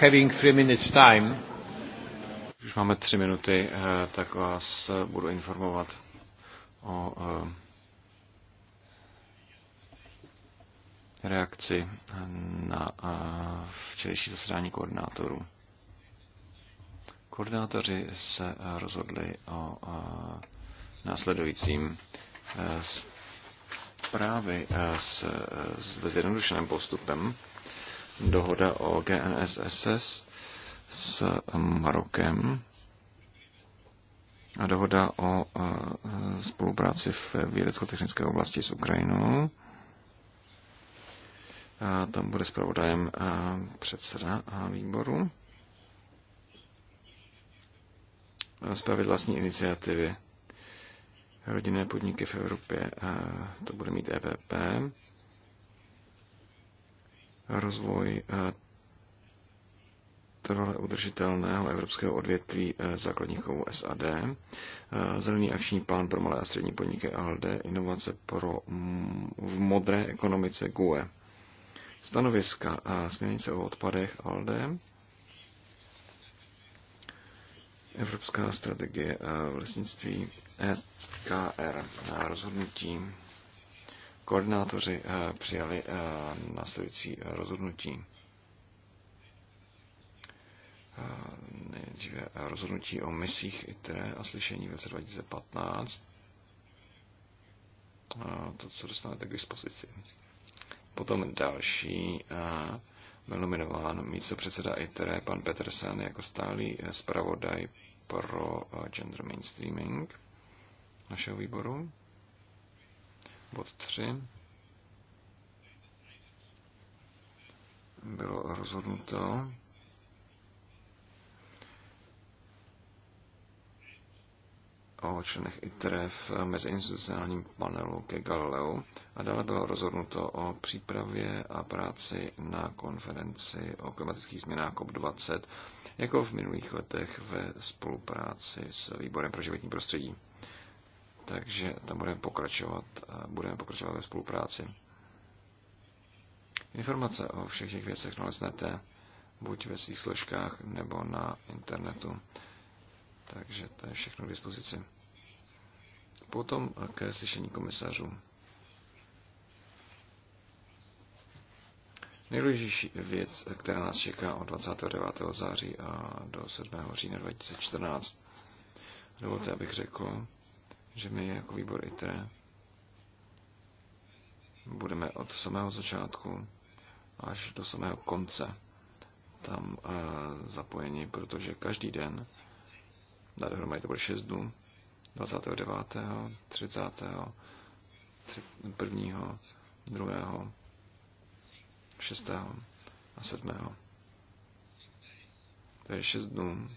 having three minutes time. Když máme tři minuty, eh, tak vás eh, budu informovat o eh, reakci na včerejší zasedání koordinátorů. Koordinátoři se rozhodli o následujícím zprávy s, s zjednodušeným postupem dohoda o GNSSS s Marokem a dohoda o e, spolupráci v vědecko-technické oblasti s Ukrajinou. A tam bude zpravodajem e, předseda e, výboru. Zpravit vlastní iniciativy rodinné podniky v Evropě, to bude mít EPP rozvoj eh, trvale udržitelného evropského odvětví eh, základních kovů SAD, eh, zelený akční plán pro malé a střední podniky ALD, inovace pro, mm, v modré ekonomice GUE, stanoviska a směrnice o odpadech ALD, Evropská strategie v lesnictví SKR na rozhodnutí Koordinátoři eh, přijali eh, následující eh, rozhodnutí. Nejdříve rozhodnutí o misích ITRE a slyšení v roce 2015. To, co dostanete k dispozici. Potom další byl nominován místo předseda ITRE pan Petersen jako stálý zpravodaj pro gender mainstreaming našeho výboru. Bod 3. Bylo rozhodnuto, o členech ITRE v meziinstitucionálním panelu ke Galileu a dále bylo rozhodnuto o přípravě a práci na konferenci o klimatických změnách COP20, jako v minulých letech ve spolupráci s Výborem pro životní prostředí takže tam budeme pokračovat, budeme pokračovat ve spolupráci. Informace o všech těch věcech naleznete buď ve svých složkách nebo na internetu. Takže to je všechno k dispozici. Potom ke slyšení komisařů. Nejdůležitější věc, která nás čeká od 29. září a do 7. října 2014. Dovolte, abych řekl, že my jako výbor ITRE budeme od samého začátku až do samého konce tam e, zapojeni, protože každý den, na dohromady to bude 6 dnů, 29., 30., 1., 2., 6. a 7. To je 6 dnů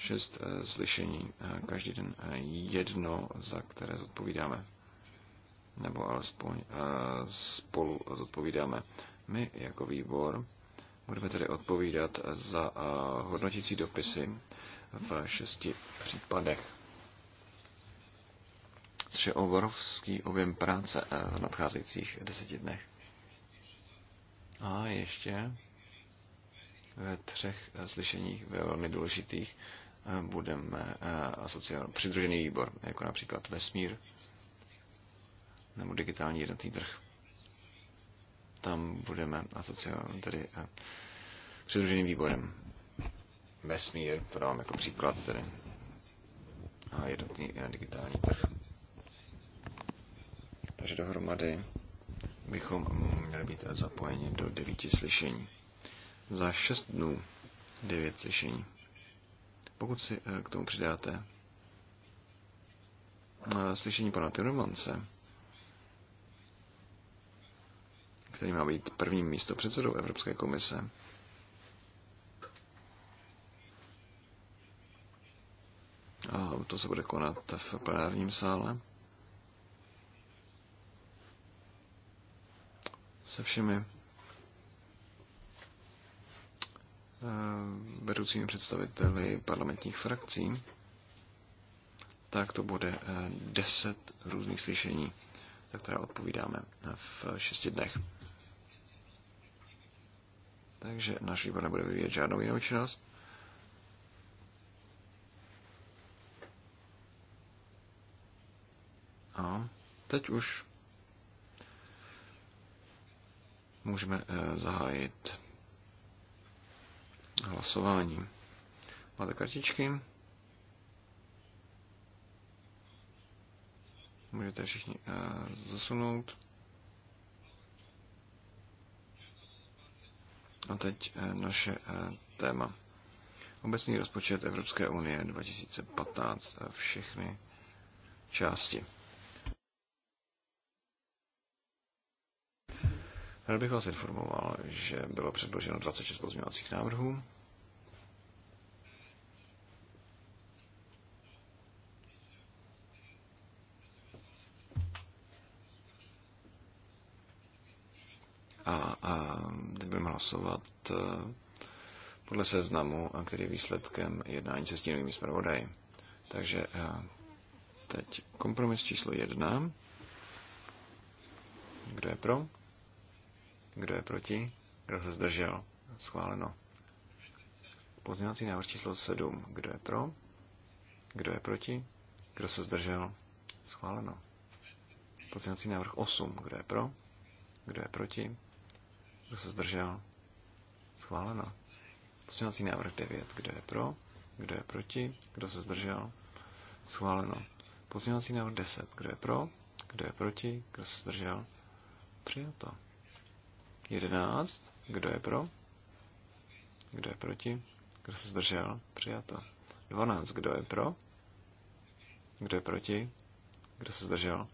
šest eh, slyšení, eh, každý den eh, jedno, za které zodpovídáme. Nebo alespoň spolu zodpovídáme. My jako výbor budeme tedy odpovídat za hodnotící dopisy v šesti případech. Což je obrovský objem práce v nadcházejících deseti dnech. A ještě ve třech slyšeních velmi důležitých budeme eh, asociovat přidružený výbor, jako například vesmír nebo digitální jednotný trh. Tam budeme asociovat tedy eh, přidruženým výborem vesmír, to dávám jako příklad tedy, a jednotný eh, digitální trh. Takže dohromady bychom měli být zapojeni do devíti slyšení. Za šest dnů devět slyšení. Pokud si eh, k tomu přidáte eh, slyšení pana Tyrmance, který má být prvním místo předsedou Evropské komise, a to se bude konat v plenárním sále, se všemi Eh, vedoucími představiteli parlamentních frakcí, tak to bude 10 eh, různých slyšení, za která odpovídáme v 6 dnech. Takže náš výbor nebude vyvíjet žádnou jinou činnost. A teď už můžeme eh, zahájit hlasování. Máte kartičky? Můžete všichni uh, zasunout. A teď uh, naše uh, téma. Obecný rozpočet Evropské unie 2015 všechny části. Rád bych vás informoval, že bylo předloženo 26 pozměňovacích návrhů. A, a budeme hlasovat eh, podle seznamu, a který je výsledkem jednání se stínovými zpravodaji. Takže eh, teď kompromis číslo jedna. Kdo je pro? Kdo je proti? Kdo se zdržel? Schváleno. Pozměňovací návrh číslo 7. Kdo je pro? Kdo je proti? Kdo se zdržel? Schváleno. Pozměňovací návrh 8. Kdo je pro? Kdo je proti? Kdo se zdržel? Schváleno. Pozměňovací návrh 9. Kdo je pro? Kdo je proti? Kdo se zdržel? Schváleno. Pozměňovací návrh 10. Kdo je pro? Kdo je proti? Kdo se zdržel? Přijato. 11. Kdo je pro? Kdo je proti? Kdo se zdržel? Přijato. 12. Kdo je pro? Kdo je proti? Kdo se zdržel?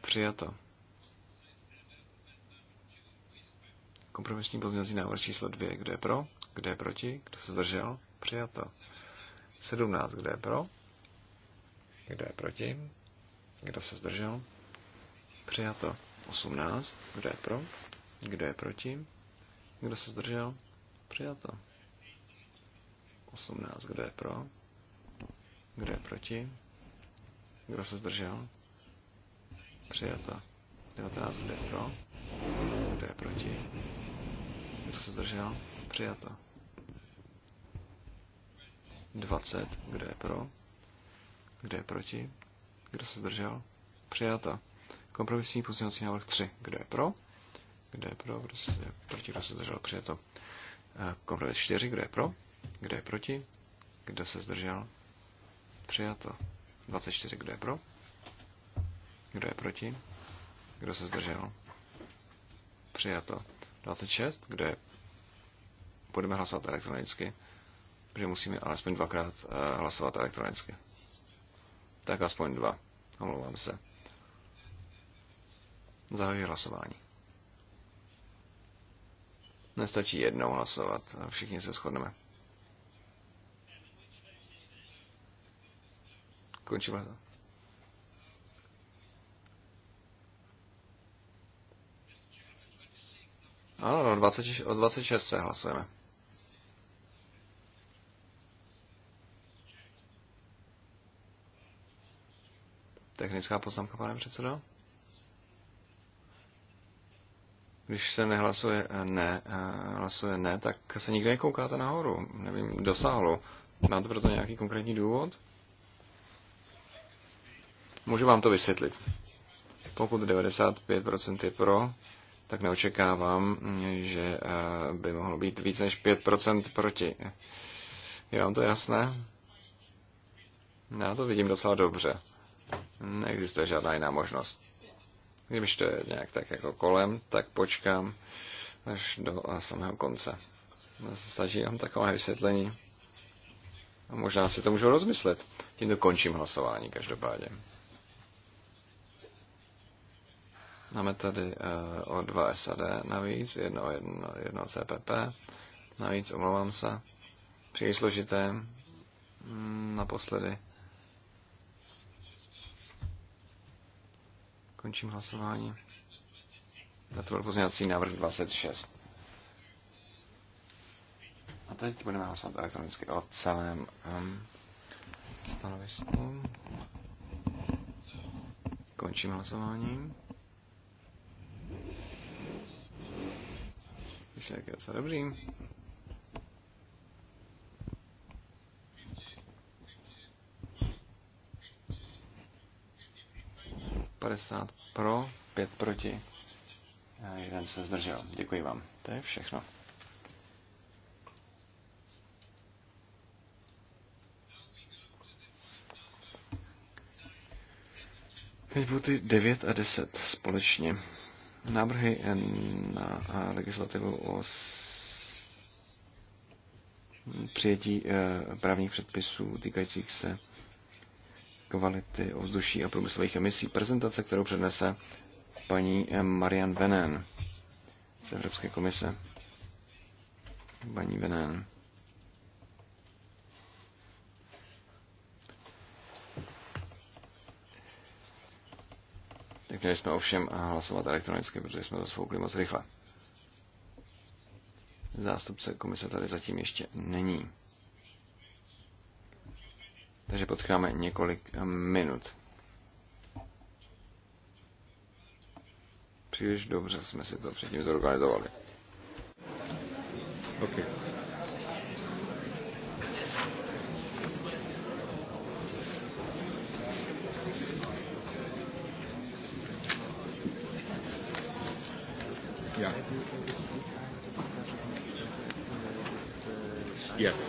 Přijato. Kompromisní pozměnací návrh číslo 2. Kdo je pro? Kdo je proti? Kdo se zdržel? Přijato. 17. Kdo je pro? Kdo je proti? Kdo se zdržel? Přijato. 18. Kdo je pro? Kdo je proti? Kdo se zdržel? Přijato. 18. Kdo je pro? Kdo je proti? Kdo se zdržel? Přijato. 19. Kdo je pro? Kdo je proti? Kdo se zdržel? Přijato. 20. Kdo je pro? Kdo je proti? Kdo se zdržel? Přijato. Kompromisní pozměňovací návrh 3. Kdo je pro? Kdo je pro? Kdo se, proti? Kdo se zdržel? to eh, Kompromis 4. Kdo je pro? Kdo je proti? Kdo se zdržel? Přijato. 24. Kdo je pro? Kdo je proti? Kdo se zdržel? Přijato. 26. Kdo je... Budeme hlasovat elektronicky, protože musíme alespoň dvakrát eh, hlasovat elektronicky. Tak aspoň dva. Omlouvám se. Zahajuji hlasování. Nestačí jednou hlasovat, všichni se shodneme. Končíme to. Ano, 20, o 26 se hlasujeme. Technická poznámka, pane předsedo? Když se nehlasuje eh, ne, eh, hlasuje ne, tak se nikdy nekoukáte nahoru. Nevím, dosáhlo. Máte proto nějaký konkrétní důvod? Můžu vám to vysvětlit. Pokud 95% je pro, tak neočekávám, mm, že eh, by mohlo být víc než 5% proti. Je vám to jasné? Já to vidím docela dobře. Neexistuje žádná jiná možnost. Když to je nějak tak jako kolem, tak počkám až do samého konce. Stačí vám takové vysvětlení. A možná si to můžu rozmyslet. tím dokončím hlasování každopádně. Máme tady uh, o dva SAD navíc, jedno, jedno, jedno CPP, navíc, omlouvám se, příliš složité, mm, naposledy. Končím hlasování. Na to byl pozměňovací návrh 26. A teď budeme hlasovat elektronicky o celém um, stanovisku. Končím hlasování. Výsledek je docela dobrý. 50 pro, 5 proti. A jeden se zdržel. Děkuji vám. To je všechno. Teď ty 9 a 10 společně. Návrhy na legislativu o přijetí eh, právních předpisů týkajících se kvality ovzduší a průmyslových emisí. Prezentace, kterou přednese paní eh, Marian Venen z Evropské komise. Paní Venen. Měli jsme ovšem hlasovat elektronicky, protože jsme to svoukli moc rychle. Zástupce komise tady zatím ještě není takže potřebujeme několik eh, minut. Příliš dobře jsme si to předtím zorganizovali. Okay. Yeah. Yes.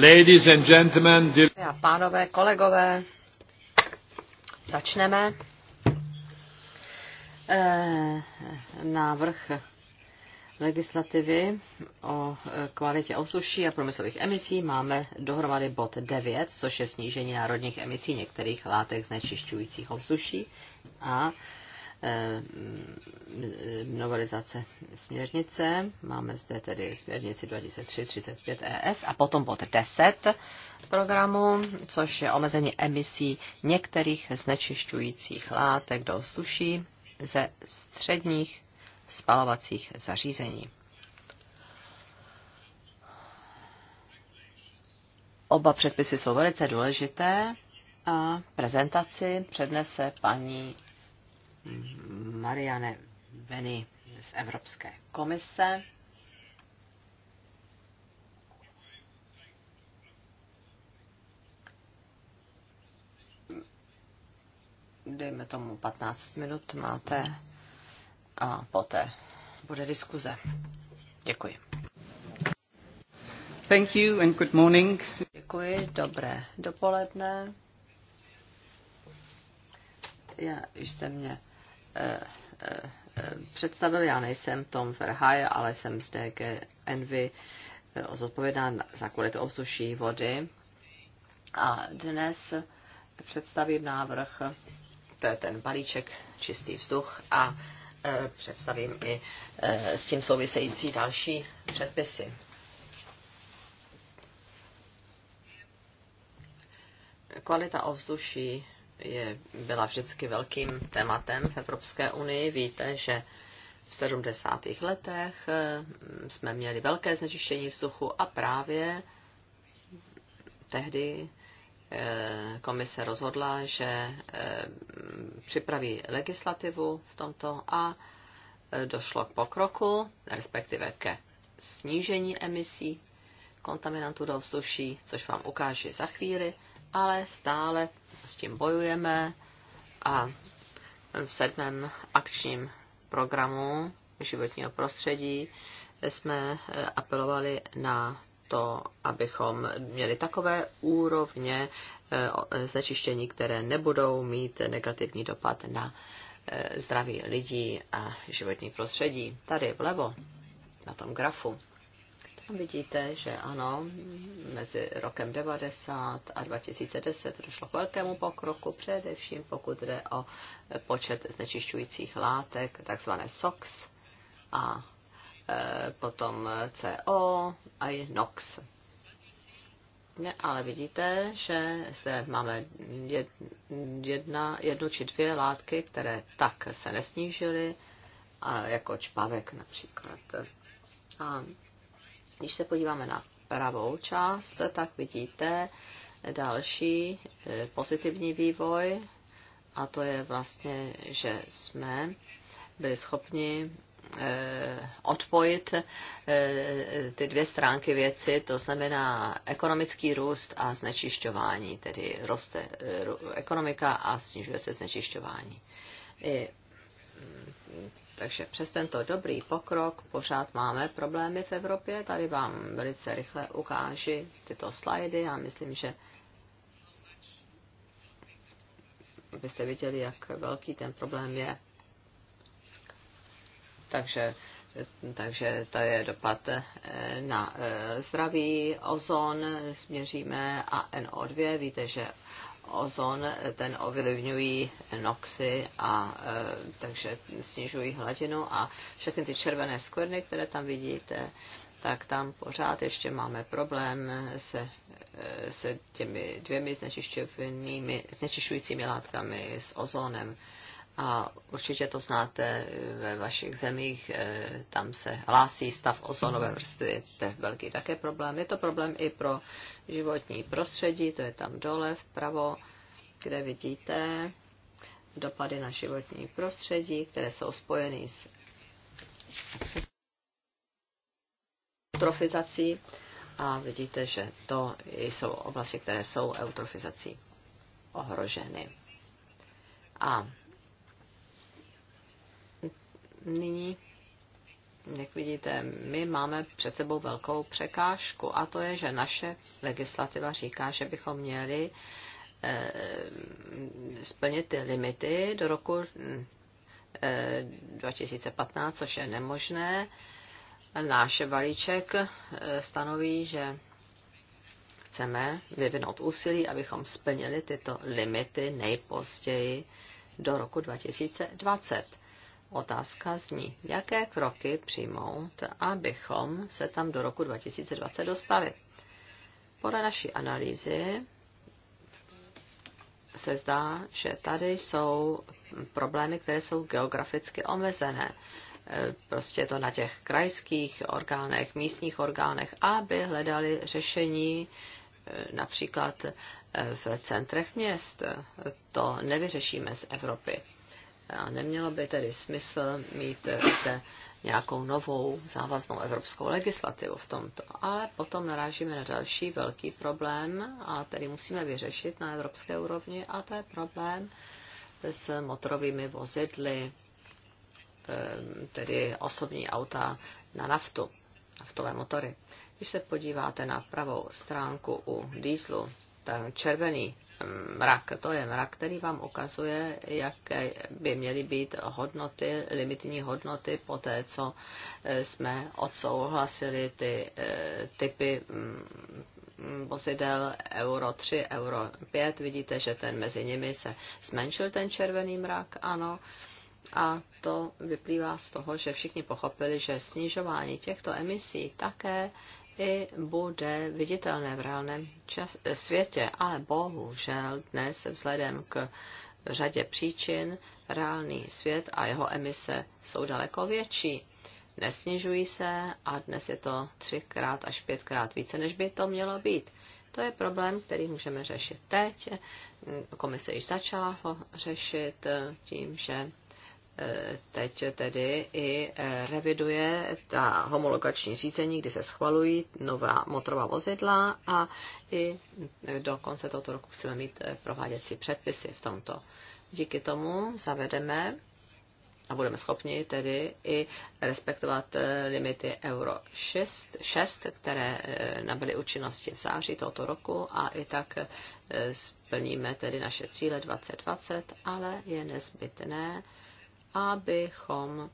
Ladies and gentlemen, a pánové, kolegové, začneme. Eh, návrh legislativy o eh, kvalitě osuší a průmyslových emisí máme dohromady bod 9, což je snížení národních emisí některých látek znečišťujících ovzduší a Eh, novelizace směrnice. Máme zde tedy směrnici 2003-35 ES a potom bod 10 programu, což je omezení emisí některých znečišťujících látek do suší ze středních spalovacích zařízení. Oba předpisy jsou velice důležité a prezentaci přednese paní Mariane Veny z Evropské komise. dejme tomu 15 minut máte a poté bude diskuze. Děkuji. Thank you and good morning. Děkuji, dobré dopoledne. Já, už jste mě Eh, eh, představil. Já nejsem Tom Verhaj, ale jsem z DG Envy eh, zodpovědná za kvalitu ovzduší vody. A dnes představím návrh, to je ten balíček čistý vzduch a představím i s tím související další předpisy. Kvalita ovzduší je, byla vždycky velkým tématem v Evropské unii. Víte, že v 70. letech eh, jsme měli velké znečištění vzduchu a právě tehdy eh, komise rozhodla, že eh, připraví legislativu v tomto a došlo k pokroku, respektive ke snížení emisí kontaminantů do vzduší, což vám ukážu za chvíli ale stále s tím bojujeme a v sedmém akčním programu životního prostředí jsme eh, apelovali na to, abychom měli takové úrovně eh, znečištění, které nebudou mít negativní dopad na eh, zdraví lidí a životní prostředí. Tady vlevo na tom grafu Vidíte, že ano, mezi rokem 90 a 2010 došlo k velkému pokroku, především pokud jde o počet znečišťujících látek, takzvané SOX a e, potom CO a i NOx. Ne, ale vidíte, že zde máme jedna, jednu či dvě látky, které tak se nesnížily, jako čpavek například. A když se podíváme na pravou část, tak vidíte další e, pozitivní vývoj a to je vlastně, že jsme byli schopni e, odpojit e, ty dvě stránky věci, to znamená ekonomický růst a znečišťování, tedy roste ekonomika a snižuje se znečišťování. I takže přes tento dobrý pokrok pořád máme problémy v Evropě. Tady vám velice rychle ukáži tyto slajdy. Já myslím, že abyste viděli, jak velký ten problém je. Takže, takže to je dopad eh, na eh, zdraví, ozon směříme a NO2. Víte, že ozon, ten ovlivňují noxy a e, takže snižují hladinu a všechny ty červené skvrny, které tam vidíte, tak tam pořád ještě máme problém se, e, se těmi dvěmi znečišťujícími látkami, s ozonem. E, a určitě to znáte eh, ve vašich zemích, eh, tam se hlásí stav ozonové mhm. vrstvy, to je velký také problém. Je to problém i pro životní prostředí, to je tam dole vpravo, kde vidíte dopady na životní prostředí, které jsou spojeny s eutrofizací a vidíte, že to jsou oblasti, které jsou eutrofizací ohroženy. A nyní, jak vidíte, my máme před sebou velkou překážku a to je, že naše legislativa říká, že bychom měli eh, splnit ty limity do roku 2015, eh, což je nemožné. Náš balíček eh, stanoví, že chceme vyvinout úsilí, abychom splnili tyto limity nejpozději do roku 2020. Otázka zní, jaké kroky přijmout, abychom se tam do roku 2020 dostali. Podle naší analýzy se zdá, že tady jsou problémy, které jsou geograficky omezené. Prostě to na těch krajských orgánech, místních orgánech, aby hledali řešení například v centrech měst. To nevyřešíme z Evropy. A nemělo by tedy smysl mít zde nějakou novou závaznou evropskou legislativu v tomto. Ale potom narážíme na další velký problém, a který musíme vyřešit na evropské úrovni, a to je problém s motorovými vozidly, ehm, tedy osobní auta na naftu, naftové motory. Když se podíváte na pravou stránku u dýzlu, ten červený mrak. To je mrak, který vám ukazuje, jaké by měly být hodnoty, limitní hodnoty po té, co eh, jsme odsouhlasili ty eh, typy mm, vozidel Euro 3, Euro 5. Vidíte, že ten mezi nimi se zmenšil ten červený mrak, ano. A to vyplývá z toho, že všichni pochopili, že snižování těchto emisí také i bude viditelné v reálném čas, eh, světě, ale bohužel dnes vzhledem k řadě příčin reálný svět a jeho emise jsou daleko větší. Nesnižují se a dnes je to třikrát až pětkrát více, než by to mělo být. To je problém, který můžeme řešit teď. Komise již začala ho řešit eh, tím, že E, teď tedy i e, reviduje ta homologační řízení, kdy se schvalují nová motorová vozidla a i do konce tohoto roku chceme mít e, prováděcí předpisy v tomto. Díky tomu zavedeme a budeme schopni tedy i respektovat limity Euro 6, 6 které nabyly účinnosti v září tohoto roku a i tak splníme tedy naše cíle 2020, ale je nezbytné, abychom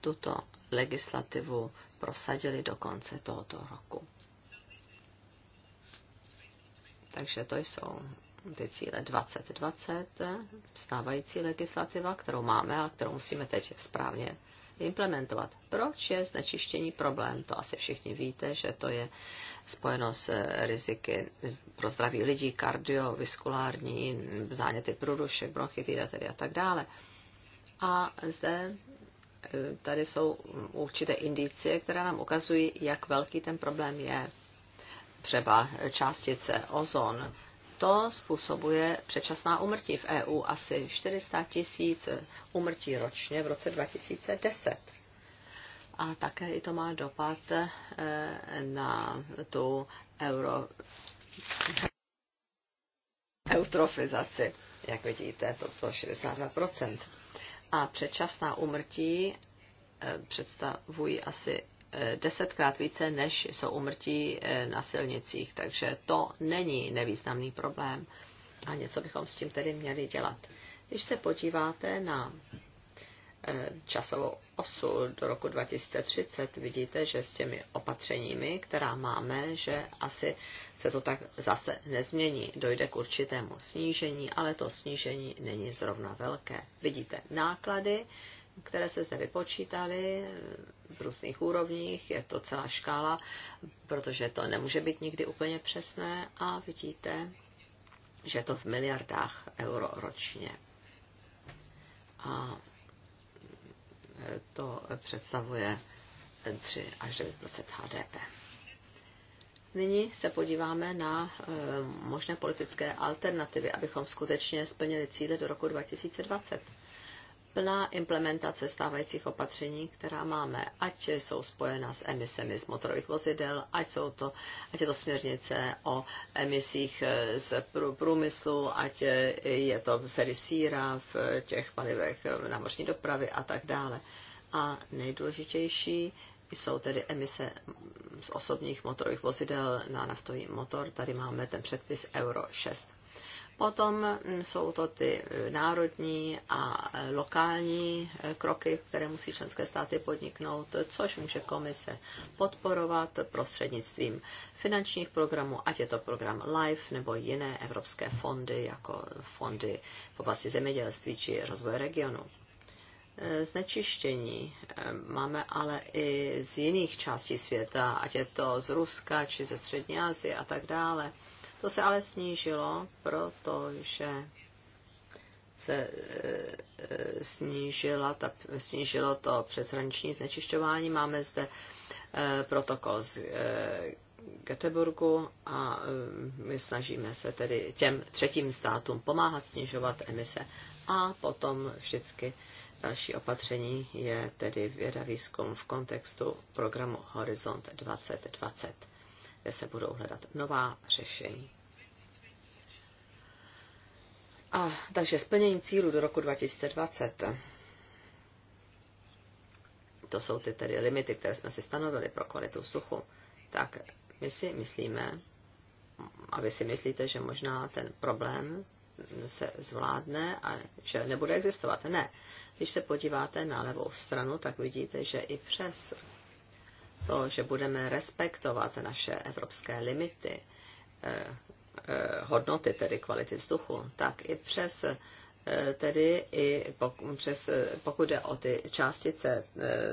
tuto legislativu prosadili do konce tohoto roku. Takže to jsou ty cíle 2020, stávající legislativa, kterou máme a kterou musíme teď správně implementovat. Proč je znečištění problém? To asi všichni víte, že to je spojeno s riziky pro zdraví lidí, kardiovaskulární, záněty průdušek, bronchity a tak dále. A zde e, tady jsou určité indicie, které nám ukazují, jak velký ten problém je. Třeba částice ozon. To způsobuje předčasná umrtí v EU asi 400 tisíc umrtí ročně v roce 2010 a také i to má dopad eh, na tu euro eutrofizaci, jak vidíte, to bylo 62%. A předčasná úmrtí eh, představují asi eh, desetkrát více, než jsou umrtí na silnicích, takže to není nevýznamný problém a něco bychom s tím tedy měli dělat. Když se podíváte na časovou osu do roku 2030, vidíte, že s těmi opatřeními, která máme, že asi se to tak zase nezmění. Dojde k určitému snížení, ale to snížení není zrovna velké. Vidíte náklady, které se zde vypočítaly v různých úrovních, je to celá škála, protože to nemůže být nikdy úplně přesné a vidíte, že je to v miliardách euro ročně. A to představuje 3 až 9 HDP. Nyní se podíváme na eh, možné politické alternativy, abychom skutečně splnili cíle do roku 2020 plná implementace stávajících opatření, která máme, ať jsou spojena s emisemi z motorových vozidel, ať, jsou to, ať je to směrnice o emisích eh, z průmyslu, ať eh, je to seri síra v eh, těch palivech v námořní dopravy a tak dále. A nejdůležitější jsou tedy emise z osobních motorových vozidel na naftový motor. Tady máme ten předpis Euro 6. Potom mm, jsou to ty eh, národní a eh, lokální eh, kroky, které musí členské státy podniknout, což může komise podporovat prostřednictvím finančních programů, ať je to program LIFE nebo jiné evropské fondy, jako fondy v oblasti zemědělství či rozvoje regionu znečištění. Máme ale i z jiných částí světa, ať je to z Ruska či ze Střední Asie a tak dále. To se ale snížilo, protože se e, e, snížila ta, snížilo to přeshraniční znečišťování. Máme zde e, protokol z Göteborgu a my snažíme se tedy těm třetím státům pomáhat snižovat emise a potom vždycky další opatření je tedy věda výzkum v kontextu programu Horizont 2020 kde se budou hledat nová řešení. A takže splnění cílu do roku 2020. To jsou ty tedy limity, které jsme si stanovili pro kvalitu vzduchu. Tak my si myslíme, a vy si myslíte, že možná ten problém se zvládne a že nebude existovat. Ne. Když se podíváte na levou stranu, tak vidíte, že i přes to, že budeme respektovat naše evropské limity, eh, eh, hodnoty, tedy kvality vzduchu, tak i přes eh, tedy i pokud, přes, pokud jde o ty částice,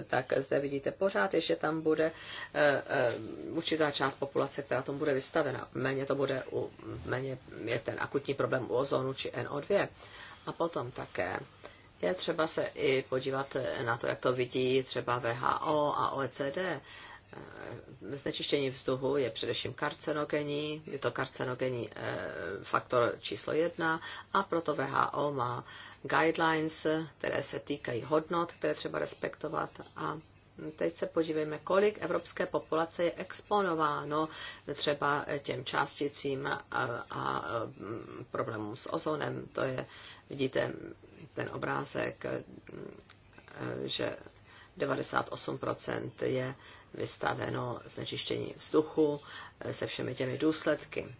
tak zde vidíte pořád, že tam bude určitá část populace, která tomu bude vystavena. Méně to bude, u, méně je ten akutní problém u ozonu či NO2. A potom také je třeba se i podívat na to, jak to vidí třeba VHO a OECD. Eh, znečištění vzduchu je především karcenogenní, je to karcenogenní eh, faktor číslo jedna a proto VHO má guidelines, které se týkají hodnot, které třeba respektovat a Teď se podívejme, kolik evropské populace je exponováno třeba těm částicím a, a mm, problémům s ozonem. To je, vidíte, ten obrázek, mm, že 98% je vystaveno znečištění vzduchu eh, se všemi těmi důsledky.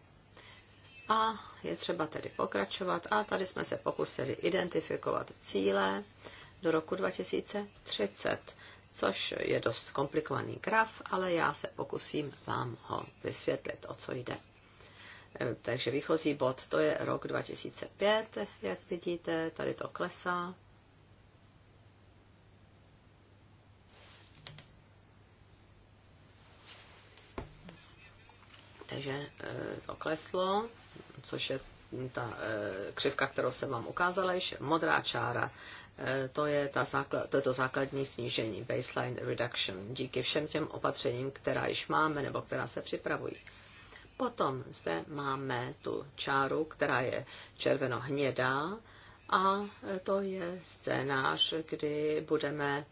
A je třeba tedy pokračovat a tady jsme se pokusili identifikovat cíle do roku 2030 což je dost komplikovaný graf, ale já se pokusím vám ho vysvětlit, o co jde. E, takže výchozí bod to je rok 2005, jak vidíte, tady to klesá. Takže e, to kleslo, což je ta e, křivka, kterou jsem vám ukázala, již modrá čára Eh, to je, ta základ, to je to základní snížení, baseline reduction, díky všem těm opatřením, která již máme nebo která se připravují. Potom zde máme tu čáru, která je červeno-hnědá a eh, to je scénář, kdy budeme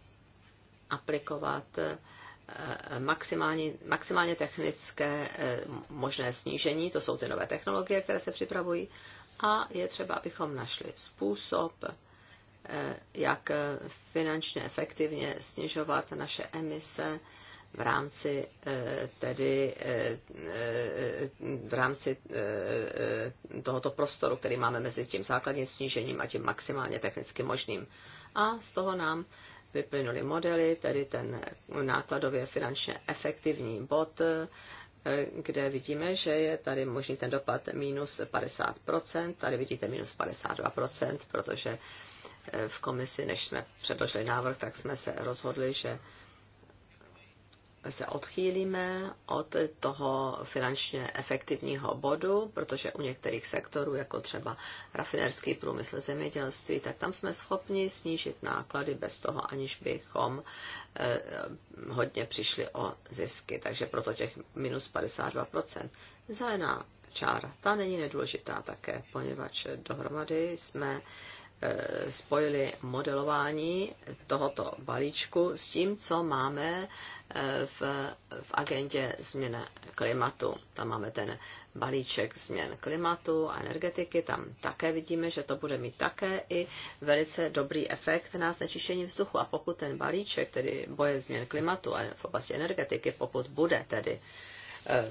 aplikovat eh, maximálně, maximálně technické možné snížení, to jsou ty nové technologie, které se připravují, a je třeba, abychom našli způsob, jak finančně efektivně snižovat naše emise v rámci eh, tedy eh, eh, v rámci tohoto prostoru, který máme mezi tím základním snížením a tím maximálně technicky možným. A z toho nám vyplynuly modely, tedy ten nákladově finančně efektivní bod, kde vidíme, že je tady možný ten dopad minus 50%, tady vidíte minus 52%, protože v komisi, než jsme předložili návrh, tak jsme se rozhodli, že se odchýlíme od toho finančně efektivního bodu, protože u některých sektorů, jako třeba rafinerský průmysl, zemědělství, tak tam jsme schopni snížit náklady bez toho, aniž bychom eh, hodně přišli o zisky. Takže proto těch minus 52%. Zelená čára, ta není nedůležitá také, poněvadž dohromady jsme Eh, spojili modelování tohoto balíčku s tím, co máme eh, v, v agendě změn klimatu. Tam máme ten balíček změn klimatu a energetiky, tam také vidíme, že to bude mít také i velice dobrý efekt na znečištění vzduchu. A pokud ten balíček, tedy boje změn klimatu a v oblasti energetiky, pokud bude tedy eh,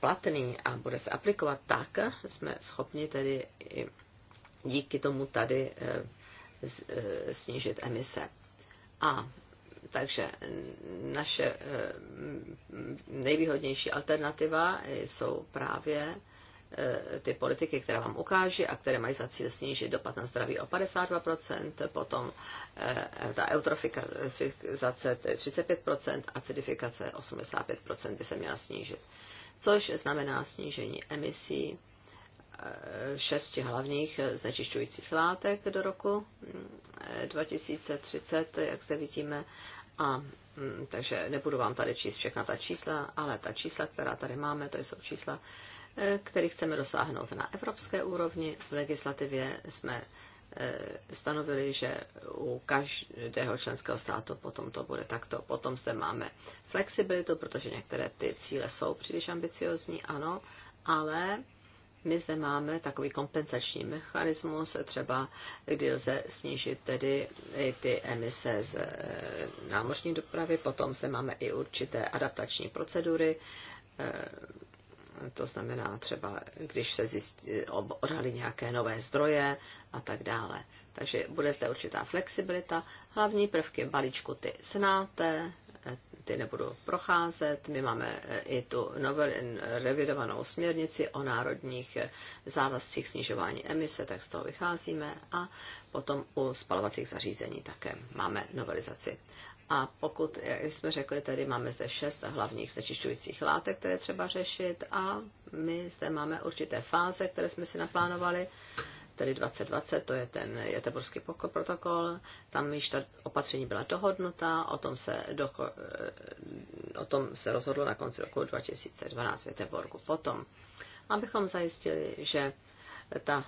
platný a bude se aplikovat tak, jsme schopni tedy i díky tomu tady eh, eh, snížit emise. A takže naše eh, nejvýhodnější alternativa jsou právě ty politiky, které vám ukáží a které mají za cíl snížit dopad na zdraví o 52%, potom ta eutrofikace 35% a acidifikace 85% by se měla snížit, což znamená snížení emisí šesti hlavních znečišťujících látek do roku 2030, jak zde vidíme. A mm, takže nebudu vám tady číst všechna ta čísla, ale ta čísla, která tady máme, to jsou čísla, eh, které chceme dosáhnout na evropské úrovni. V legislativě jsme eh, stanovili, že u každého členského státu potom to bude takto. Potom zde máme flexibilitu, protože některé ty cíle jsou příliš ambiciozní, ano, ale my zde máme takový kompenzační mechanismus, třeba kdy lze snížit tedy ty emise z e, námořní dopravy, potom se máme i určité adaptační procedury, e, to znamená třeba, když se odhalí nějaké nové zdroje a tak dále. Takže bude zde určitá flexibilita. Hlavní prvky balíčku ty znáte, ty nebudu procházet. My máme eh, i tu novel, revidovanou směrnici o národních eh, závazcích snižování emise, tak z toho vycházíme. A potom u spalovacích zařízení také máme novelizaci. A pokud, jak jsme řekli, tedy máme zde šest hlavních znečišťujících látek, které třeba řešit a my zde máme určité fáze, které jsme si naplánovali tedy 2020, to je ten Jeteborský protokol, tam již ta opatření byla dohodnuta, o tom se, do, eh, o tom se rozhodlo na konci roku 2012 v Jeteborgu. Potom, abychom zajistili, že ta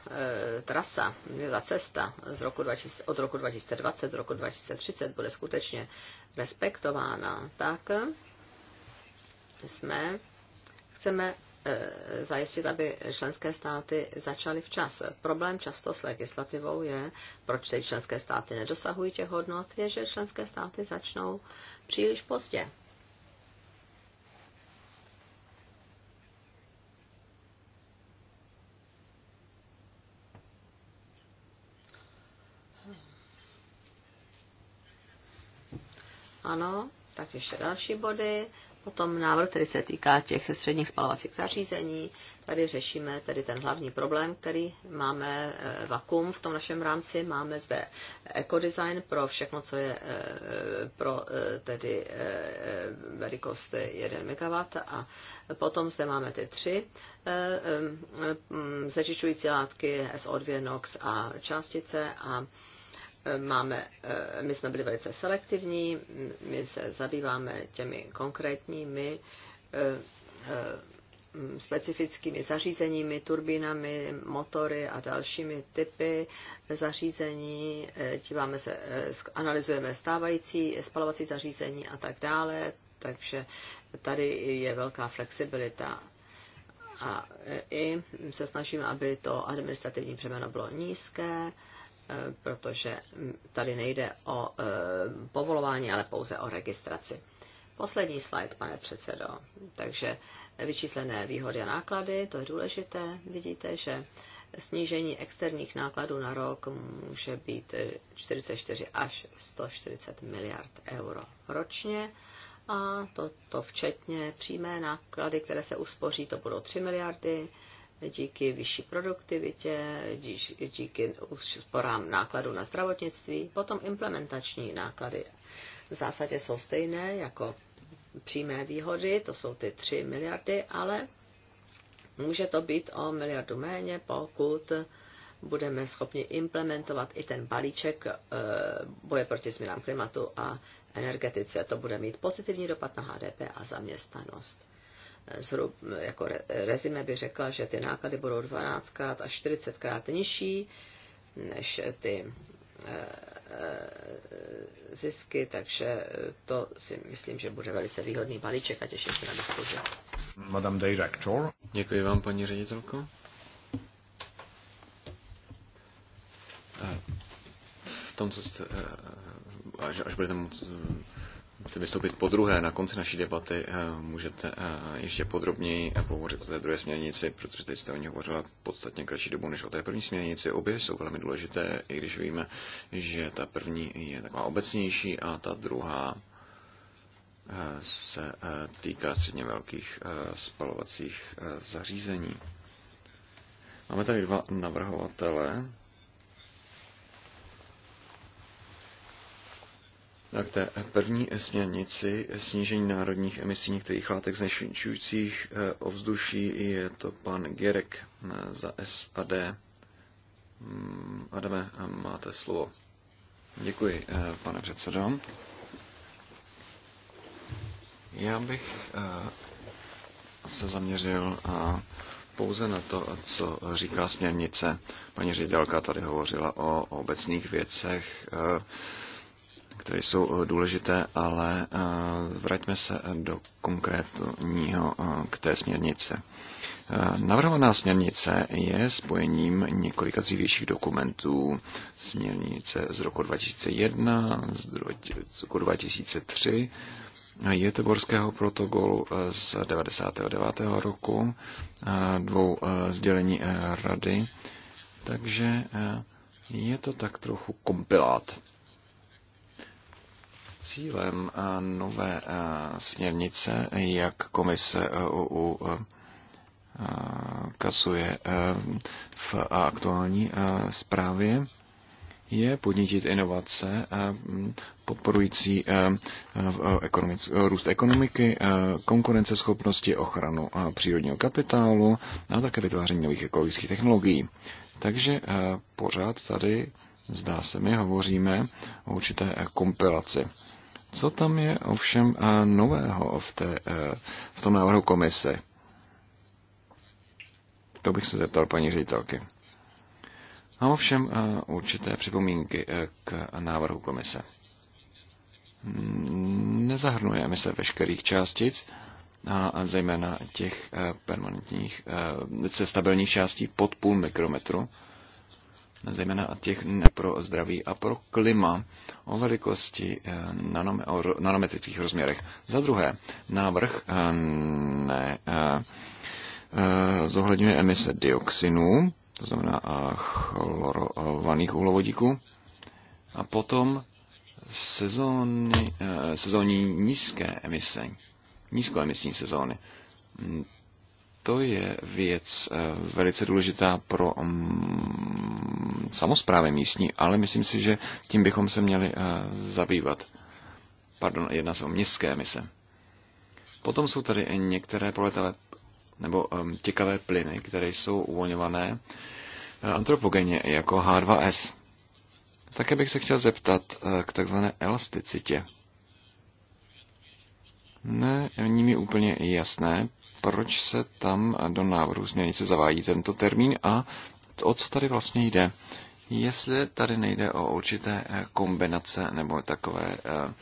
e, trasa, ta cesta z roku 20, od roku 2020 do roku 2030 bude skutečně respektována, tak eh, jsme chceme Eh, zajistit, aby členské státy začaly včas. Problém často s legislativou je, proč ty členské státy nedosahují těch hodnot, je, že členské státy začnou příliš pozdě. Ano, tak ještě další body. Potom návrh, který se týká těch středních spalovacích zařízení. Tady řešíme tedy ten hlavní problém, který máme eh, vakuum v tom našem rámci. Máme zde ekodesign pro všechno, co je eh, pro eh, tedy velikost 1 MW a potom zde máme ty tři zečišťující látky SO2, NOx a částice a máme, eh, my jsme byli velice selektivní, my se zabýváme těmi konkrétními eh, eh, specifickými zařízeními, turbínami, motory a dalšími typy zařízení. Díváme se, analyzujeme stávající spalovací zařízení a tak dále, takže tady je velká flexibilita a i se snažíme, aby to administrativní přeměno bylo nízké Eh, protože tady nejde o eh, povolování, ale pouze o registraci. Poslední slide, pane předsedo. Takže vyčíslené výhody a náklady, to je důležité. Vidíte, že snížení externích nákladů na rok může být 44 až 140 miliard euro ročně. A to, to včetně přímé náklady, které se uspoří, to budou 3 miliardy díky vyšší produktivitě, díky úsporám nákladů na zdravotnictví. Potom implementační náklady v zásadě jsou stejné jako přímé výhody, to jsou ty 3 miliardy, ale může to být o miliardu méně, pokud budeme schopni implementovat i ten balíček eh, boje proti změnám klimatu a energetice. To bude mít pozitivní dopad na HDP a zaměstnanost zhrub, jako rezime by řekla, že ty náklady budou 12krát až 40krát nižší než ty eh, eh, zisky, takže to si myslím, že bude velice výhodný balíček a těším se na diskuzi. Madame Director. Děkuji vám, paní ředitelko. Eh, v tom, co jste, až, až budete moct chci vystoupit po druhé. Na konci naší debaty eh, můžete eh, ještě podrobněji pohovořit o té druhé směrnici, protože teď jste o ní hovořila podstatně kratší dobu než o té první směrnici. Obě jsou velmi důležité, i když víme, že ta první je taková obecnější a ta druhá eh, se týká středně velkých spalovacích zařízení. Máme tady dva navrhovatele k té první směrnici snížení národních emisí některých látek znečišťujících eh, ovzduší je to pan Gerek eh, za SAD. Mm, Adame, eh, máte slovo. Děkuji, pane předsedo. Já bych se zaměřil pouze na to, co říká směrnice. Paní ředitelka tady hovořila o obecných věcech které jsou eh, důležité, ale eh, vraťme se eh, do konkrétního k té směrnice. Navrhovaná směrnice je spojením několika dřívějších dokumentů. Směrnice z roku 2001, z roku 2003, Jeteborského protokolu z 99. roku, dvou sdělení rady. Takže je to tak trochu kompilát. Cílem nové směrnice, jak komise EU kasuje v aktuální zprávě, je podnítit inovace podporující růst ekonomiky, konkurenceschopnosti, ochranu přírodního kapitálu a také vytváření nových ekologických technologií. Takže pořád tady, zdá se mi, hovoříme o určité kompilaci. Co tam je ovšem eh, nového v, té, eh, v tom návrhu komise? To bych se zeptal paní ředitelky. Mám ovšem eh, určité připomínky k návrhu komise. Mm, Nezahrnuje emise veškerých částic, a zejména těch permanentních, stabilních částí pod půl mikrometru, zejména těch pro zdraví a pro klima o velikosti eh, o nanometrických rozměrech. Za druhé, návrh eh, ne, eh, zohledňuje emise dioxinů, to znamená chlorovaných uhlovodíků, a potom sezóny, sezóní nízké emise, nízkoemisní sezóny to je věc eh, velice důležitá pro mm, samozprávy místní, ale myslím si, že tím bychom se měli eh, zabývat. Pardon, jedná se o městské mise. Potom jsou tady některé poletele nebo eh, těkavé plyny, které jsou uvolňované antropogeně jako H2S. Také bych se chtěl zeptat k takzvané elasticitě. Ne, není mi úplně jasné, proč se tam do návrhu směrnice zavádí tento termín a o co tady vlastně jde. Jestli tady nejde o určité eh, kombinace nebo takové eh,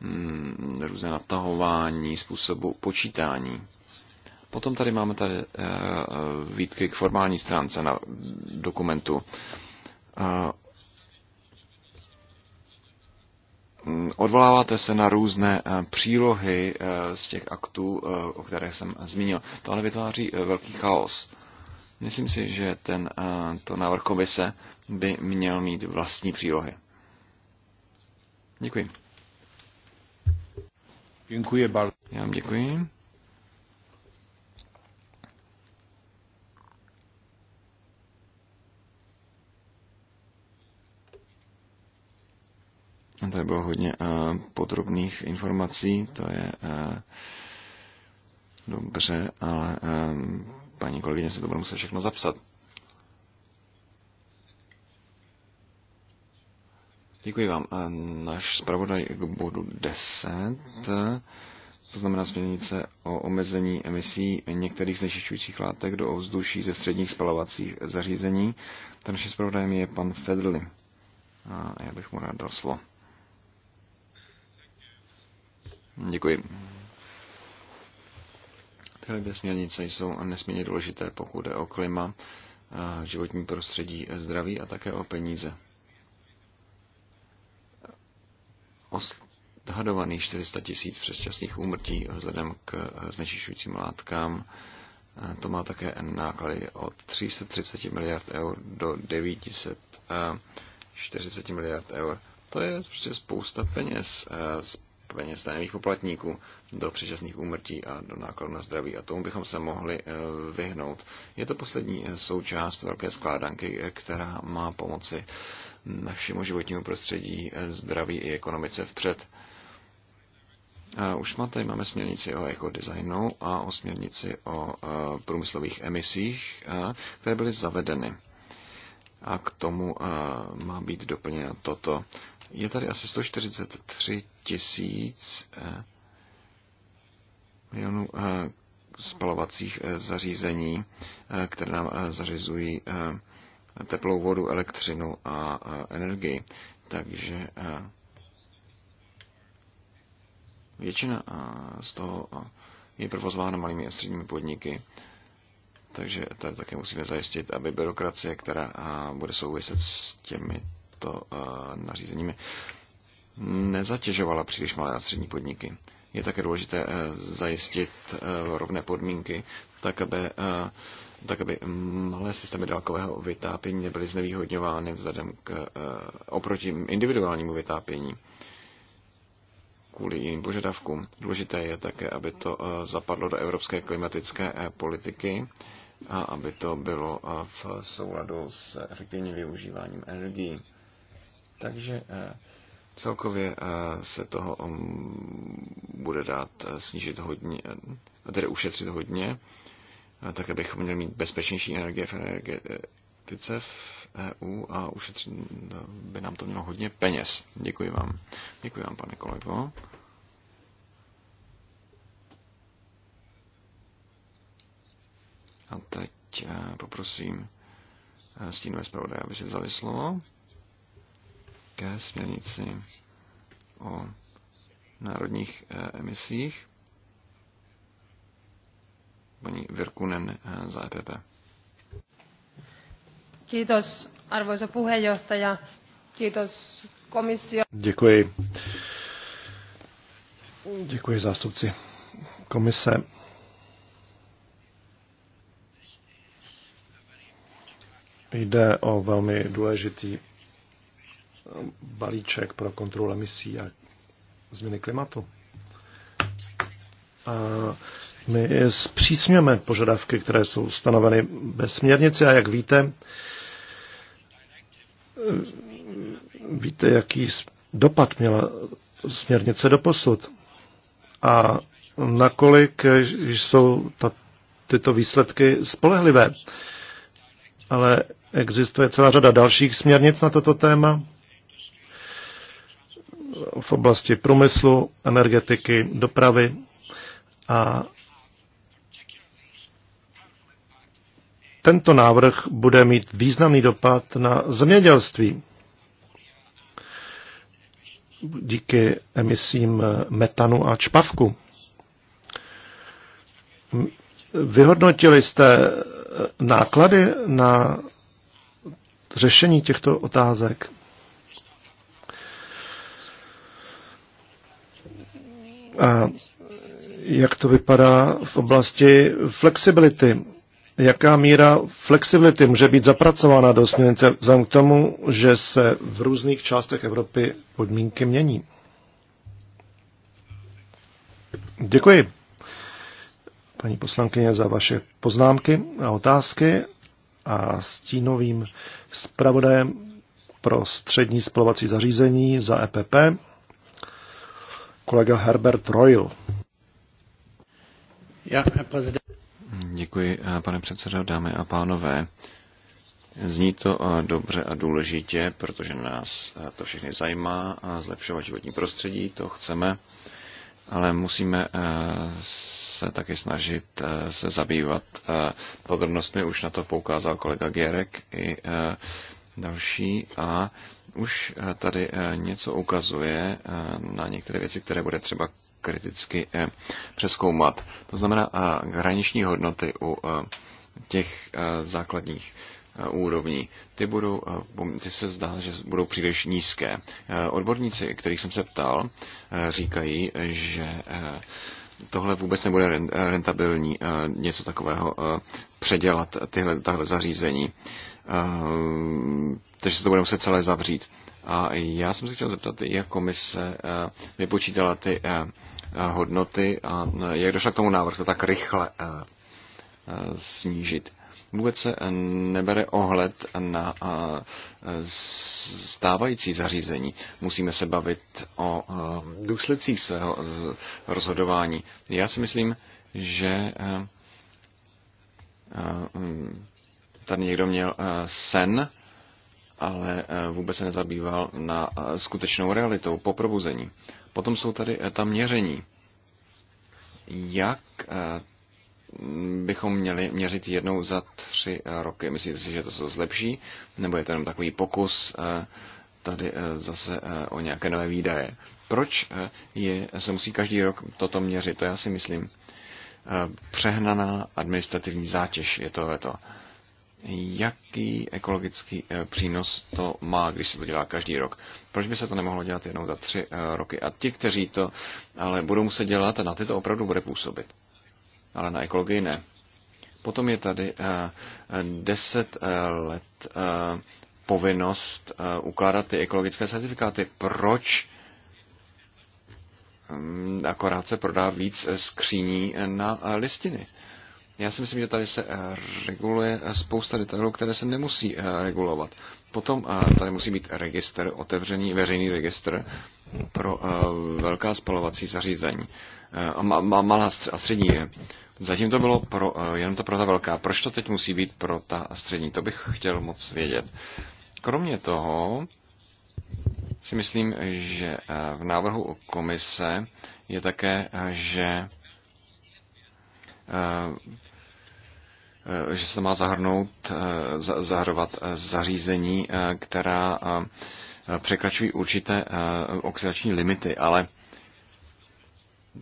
mm, různé natahování způsobu počítání. Potom tady máme tady eh, výtky k formální stránce na dokumentu Mm, odvoláváte se na různé eh, přílohy eh, z těch aktů, eh, o kterých jsem zmínil. Tohle vytváří velký chaos. Myslím si, že ten, to návrh komise by měl mít vlastní přílohy. Děkuji. Děkuji, Bal. Já vám děkuji. Tady bylo hodně eh, podrobných informací, to je eh, dobře, ale eh, paní kolegyně se to bude muset všechno zapsat. Děkuji vám. Náš zpravodaj k bodu 10, to znamená směrnice o omezení emisí některých znečišťujících látek do ovzduší ze středních spalovacích zařízení. Ten naším zpravodajem je pan Fedli. A já bych mu rád dal slovo. Děkuji. Tyhle dvě směrnice jsou nesmírně důležité, pokud jde o klima, životní prostředí, zdraví a také o peníze. Odhadovaných 400 tisíc přesčasných úmrtí vzhledem k znečišťujícím látkám to má také náklady od 330 miliard eur do 940 miliard eur. To je prostě spousta peněz peněz daňových poplatníků do přičasných úmrtí a do nákladů na zdraví. A tomu bychom se mohli eh, vyhnout. Je to poslední eh, součást velké skládanky, eh, která má pomoci hm, našemu životnímu prostředí, zdraví i ekonomice vpřed. Už má tady máme směrnici o ekodesignu a o směrnici o průmyslových emisích, které byly zavedeny. A k tomu má být doplněno toto. Je tady asi 143 tisíc eh, milionů eh, spalovacích eh, zařízení, které nám zařizují teplou vodu, elektřinu a energii. Takže většina z toho je provozována malými a středními podniky. Takže tady také musíme zajistit, aby byrokracie, která bude souviset s těmi to eh, nařízeními nezatěžovala příliš malé a střední podniky. Je také důležité eh, zajistit eh, rovné podmínky, tak aby, tak aby malé systémy dálkového vytápění nebyly znevýhodňovány vzhledem k, oproti individuálnímu vytápění kvůli jiným požadavkům. Důležité je také, aby to zapadlo do evropské klimatické politiky a aby to bylo v souladu s efektivním využíváním energií. Takže eh, celkově eh, se toho mm, bude dát eh, snížit hodně, tedy ušetřit hodně, tak abychom měli mít bezpečnější energie v energetice v EU a ušetřit no, by nám to mělo hodně peněz. Děkuji vám. Děkuji vám, pane kolego. A teď poprosím stínové zpravodaje, aby si vzali slovo ke směrnici o národních eh, emisích. Paní Virkunen eh, za EPP. Kiitos, arvoisa puheenjohtaja. Kiitos komisio. Děkuji. Děkuji zástupci komise. Jde o velmi důležitý balíček pro kontrolu emisí a změny klimatu. A my zpřísňujeme požadavky, které jsou stanoveny ve směrnici a jak víte, víte, jaký dopad měla směrnice do posud a nakolik jsou ta, tyto výsledky spolehlivé. Ale existuje celá řada dalších směrnic na toto téma v oblasti průmyslu, energetiky, dopravy a tento návrh bude mít významný dopad na zemědělství díky emisím metanu a čpavku. Vyhodnotili jste náklady na řešení těchto otázek? A jak to vypadá v oblasti flexibility? Jaká míra flexibility může být zapracována do směrnice vzhledem k tomu, že se v různých částech Evropy podmínky mění? Děkuji, paní poslankyně, za vaše poznámky a otázky a stínovým zpravodajem pro střední spalovací zařízení za EPP kolega Herbert Royal. Já, Děkuji, eh, pane předsedo, dámy a pánové. Zní to eh, dobře a důležitě, protože nás eh, to všechny zajímá a zlepšovat životní prostředí, to chceme, ale musíme se taky snažit se zabývat podrobnostmi, už na to poukázal kolega Gerek i další a už eh, tady eh, něco ukazuje eh, na některé věci, které bude třeba kriticky přeskoumat. To znamená hraniční hodnoty u těch základních úrovní. Ty, budou, ty se zdá, že budou příliš nízké. Odborníci, kterých jsem se ptal, říkají, že tohle vůbec nebude rentabilní něco takového předělat tyhle, tahle zařízení takže se to bude muset celé zavřít. A já jsem se chtěl zeptat, jak komise eh, vypočítala ty eh, eh, hodnoty a jak došla k tomu návrh to tak rychle snížit. Vůbec se nebere ohled na stávající zařízení. Musíme se bavit o důsledcích svého rozhodování. Já si myslím, že tady někdo měl sen, ale eh, vůbec se nezabýval na eh, skutečnou realitou po probuzení. Potom jsou tady eh, ta měření. Jak bychom měli měřit jednou za tři roky? Myslíte si, že to se zlepší? Nebo je to jenom takový pokus tady zase o nějaké nové výdaje? Proč je, se musí každý rok toto měřit? To já si myslím. Přehnaná administrativní zátěž je to veto jaký ekologický eh, přínos to má, když se to dělá každý rok. Proč by se to nemohlo dělat jenom za tři eh, roky? A ti, kteří to ale budou muset dělat, na ty to opravdu bude působit. Ale na ekologii ne. Potom je tady eh, deset let povinnost ukládat ty ekologické certifikáty. Proč hm, akorát se prodá víc skříní na listiny? Já si myslím, že tady se eh, reguluje eh, spousta detailů, které se nemusí eh, regulovat. Potom tady musí být registr, otevřený veřejný registr pro velká spalovací zařízení. Malá a střední je. Zatím to bylo pro, jenom to pro ta velká. Proč to teď musí být pro ta střední? To bych chtěl moc vědět. Kromě toho si myslím, že v návrhu komise je také, že Eh, eh, že se má zahrnout, eh, zahrovat zařízení, která překračují určité oxidační limity, ale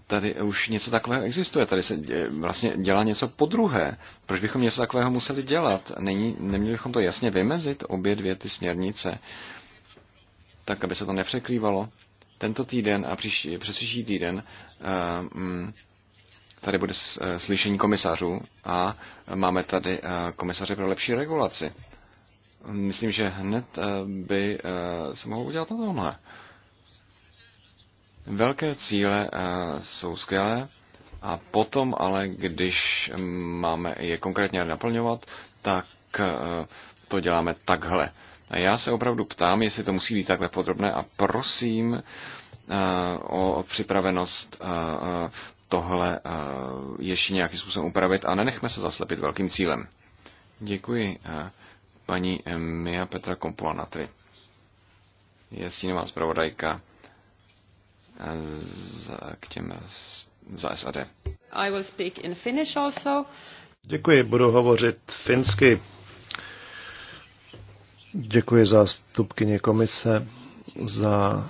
tady už něco takového existuje, tady se dě, vlastně dělá něco po druhé. Proč bychom něco takového museli dělat? Není, neměli bychom to jasně vymezit, obě dvě ty směrnice, tak aby se to nepřekrývalo. Tento týden a příští, přes příští týden uh, Tady bude eh, slyšení komisařů a máme tady eh, komisaře pro lepší regulaci. Myslím, že hned eh, by se mohl udělat na tomhle. Velké cíle jsou skvělé a potom ale, když máme je konkrétně naplňovat, tak to děláme takhle. A já se opravdu ptám, jestli to musí být takhle podrobné a prosím o připravenost tohle eh, ještě nějakým způsobem upravit a nenechme se zaslepit velkým cílem. Děkuji eh, paní eh, Mia Petra Kompulanatry. Je stínová zpravodajka k těm za SAD. I will speak in Finnish also. Děkuji, budu hovořit finsky. Děkuji zástupkyně komise za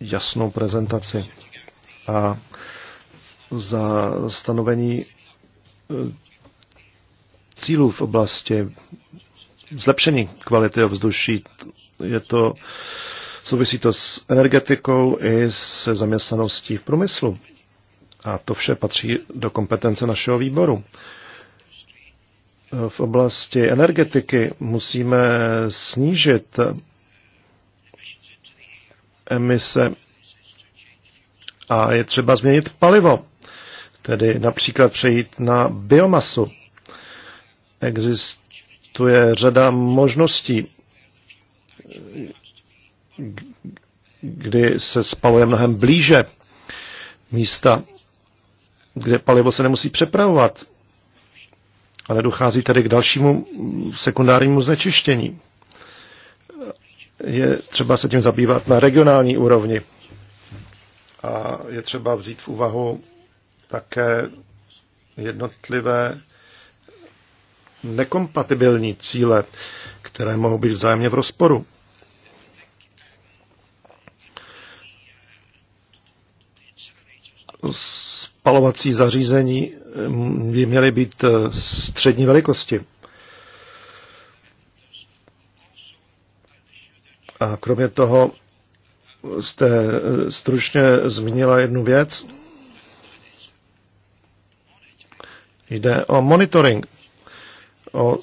jasnou prezentaci. A za stanovení e, cílů v oblasti zlepšení kvality ovzduší. Je to, souvisí to s energetikou i se zaměstnaností v průmyslu. A to vše patří do kompetence našeho výboru. E, v oblasti energetiky musíme snížit emise a je třeba změnit palivo tedy například přejít na biomasu. Existuje řada možností, kdy se spaluje mnohem blíže místa, kde palivo se nemusí přepravovat a nedochází tedy k dalšímu sekundárnímu znečištění. Je třeba se tím zabývat na regionální úrovni a je třeba vzít v úvahu také jednotlivé nekompatibilní cíle, které mohou být vzájemně v rozporu. Spalovací zařízení mm, by měly být eh, střední velikosti. A kromě toho jste eh, stručně zmínila jednu věc, Jde o monitoring, o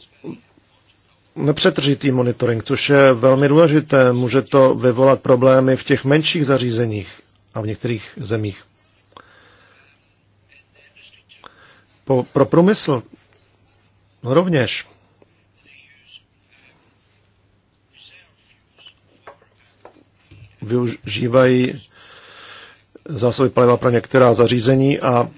nepřetržitý monitoring, což je velmi důležité. Může to vyvolat problémy v těch menších zařízeních a v některých zemích. Po, pro průmysl rovněž. Využívají zásoby paliva pro některá zařízení a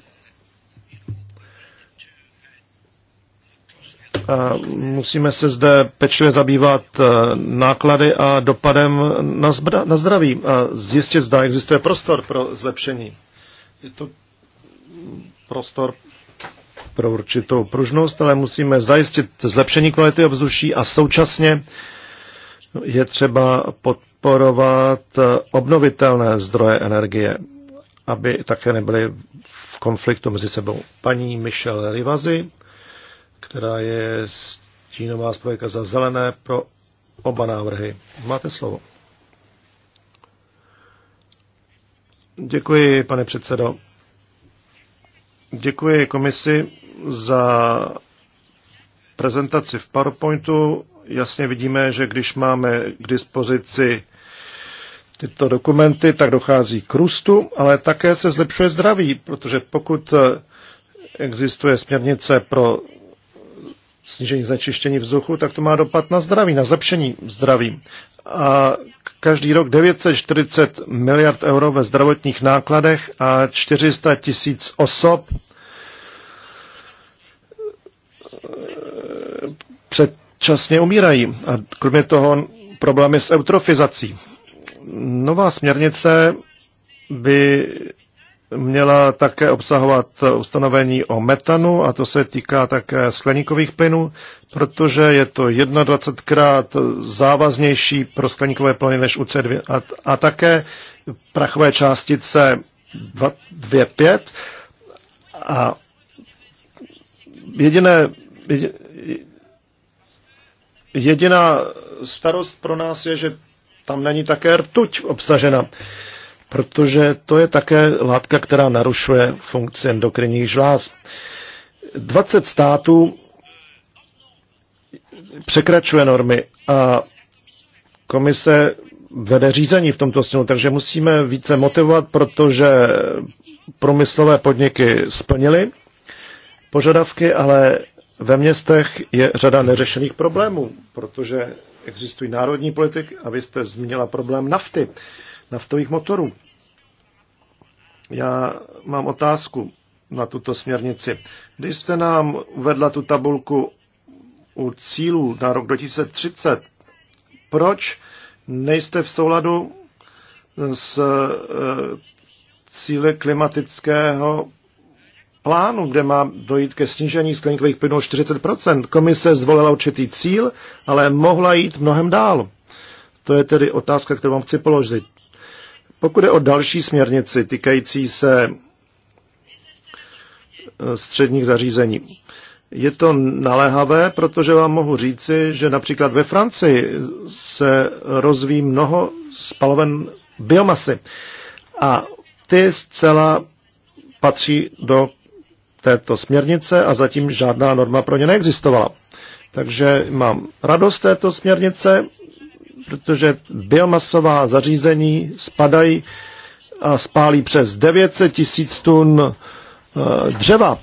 musíme se zde pečlivě zabývat e, náklady a dopadem na, zbra, na zdraví a zjistit, zda existuje prostor pro zlepšení. Je to prostor pro určitou pružnost, ale musíme zajistit zlepšení kvality ovzduší a současně je třeba podporovat e, obnovitelné zdroje energie, aby také nebyly v konfliktu mezi sebou. Paní Michelle Rivazi, která je stínová zpravodajka za zelené pro oba návrhy. Máte slovo. Děkuji, pane předsedo. Děkuji komisi za prezentaci v PowerPointu. Jasně vidíme, že když máme k dispozici tyto dokumenty, tak dochází k růstu, ale také se zlepšuje zdraví, protože pokud existuje směrnice pro snížení znečištění vzduchu, tak to má dopad na zdraví, na zlepšení zdraví. A každý rok 940 miliard euro ve zdravotních nákladech a 400 tisíc osob předčasně umírají. A kromě toho problémy s eutrofizací. Nová směrnice by měla také obsahovat ustanovení o metanu a to se týká také skleníkových plynů, protože je to 21krát závaznější pro skleníkové plyny než u C2 a, a také prachové částice 2,5 a jediné, jediná starost pro nás je, že tam není také rtuť obsažena. Uh, protože to je také látka, která narušuje funkci endokrinních žláz. 20 států překračuje normy a komise vede řízení v tomto směru, takže musíme více motivovat, protože průmyslové podniky splnily požadavky, ale ve městech je řada neřešených problémů, protože existují národní politik a vy jste zmínila problém nafty, naftových motorů. Já mám otázku na tuto směrnici. Když jste nám uvedla tu tabulku u cílů na rok 2030, proč nejste v souladu s eh, cíly klimatického plánu, kde má dojít ke snížení skleníkových plynů 40%. Komise zvolila určitý cíl, ale mohla jít mnohem dál. To je tedy otázka, kterou vám chci položit. Pokud je o další směrnici týkající se eh, středních zařízení, je to naléhavé, protože vám mohu říci, že například ve Francii se rozvíjí mnoho spaloven biomasy a ty zcela patří do této směrnice a zatím žádná norma pro ně neexistovala. Takže mám radost této směrnice, protože biomasová zařízení spadají a spálí přes 900 tisíc tun eh, dřeva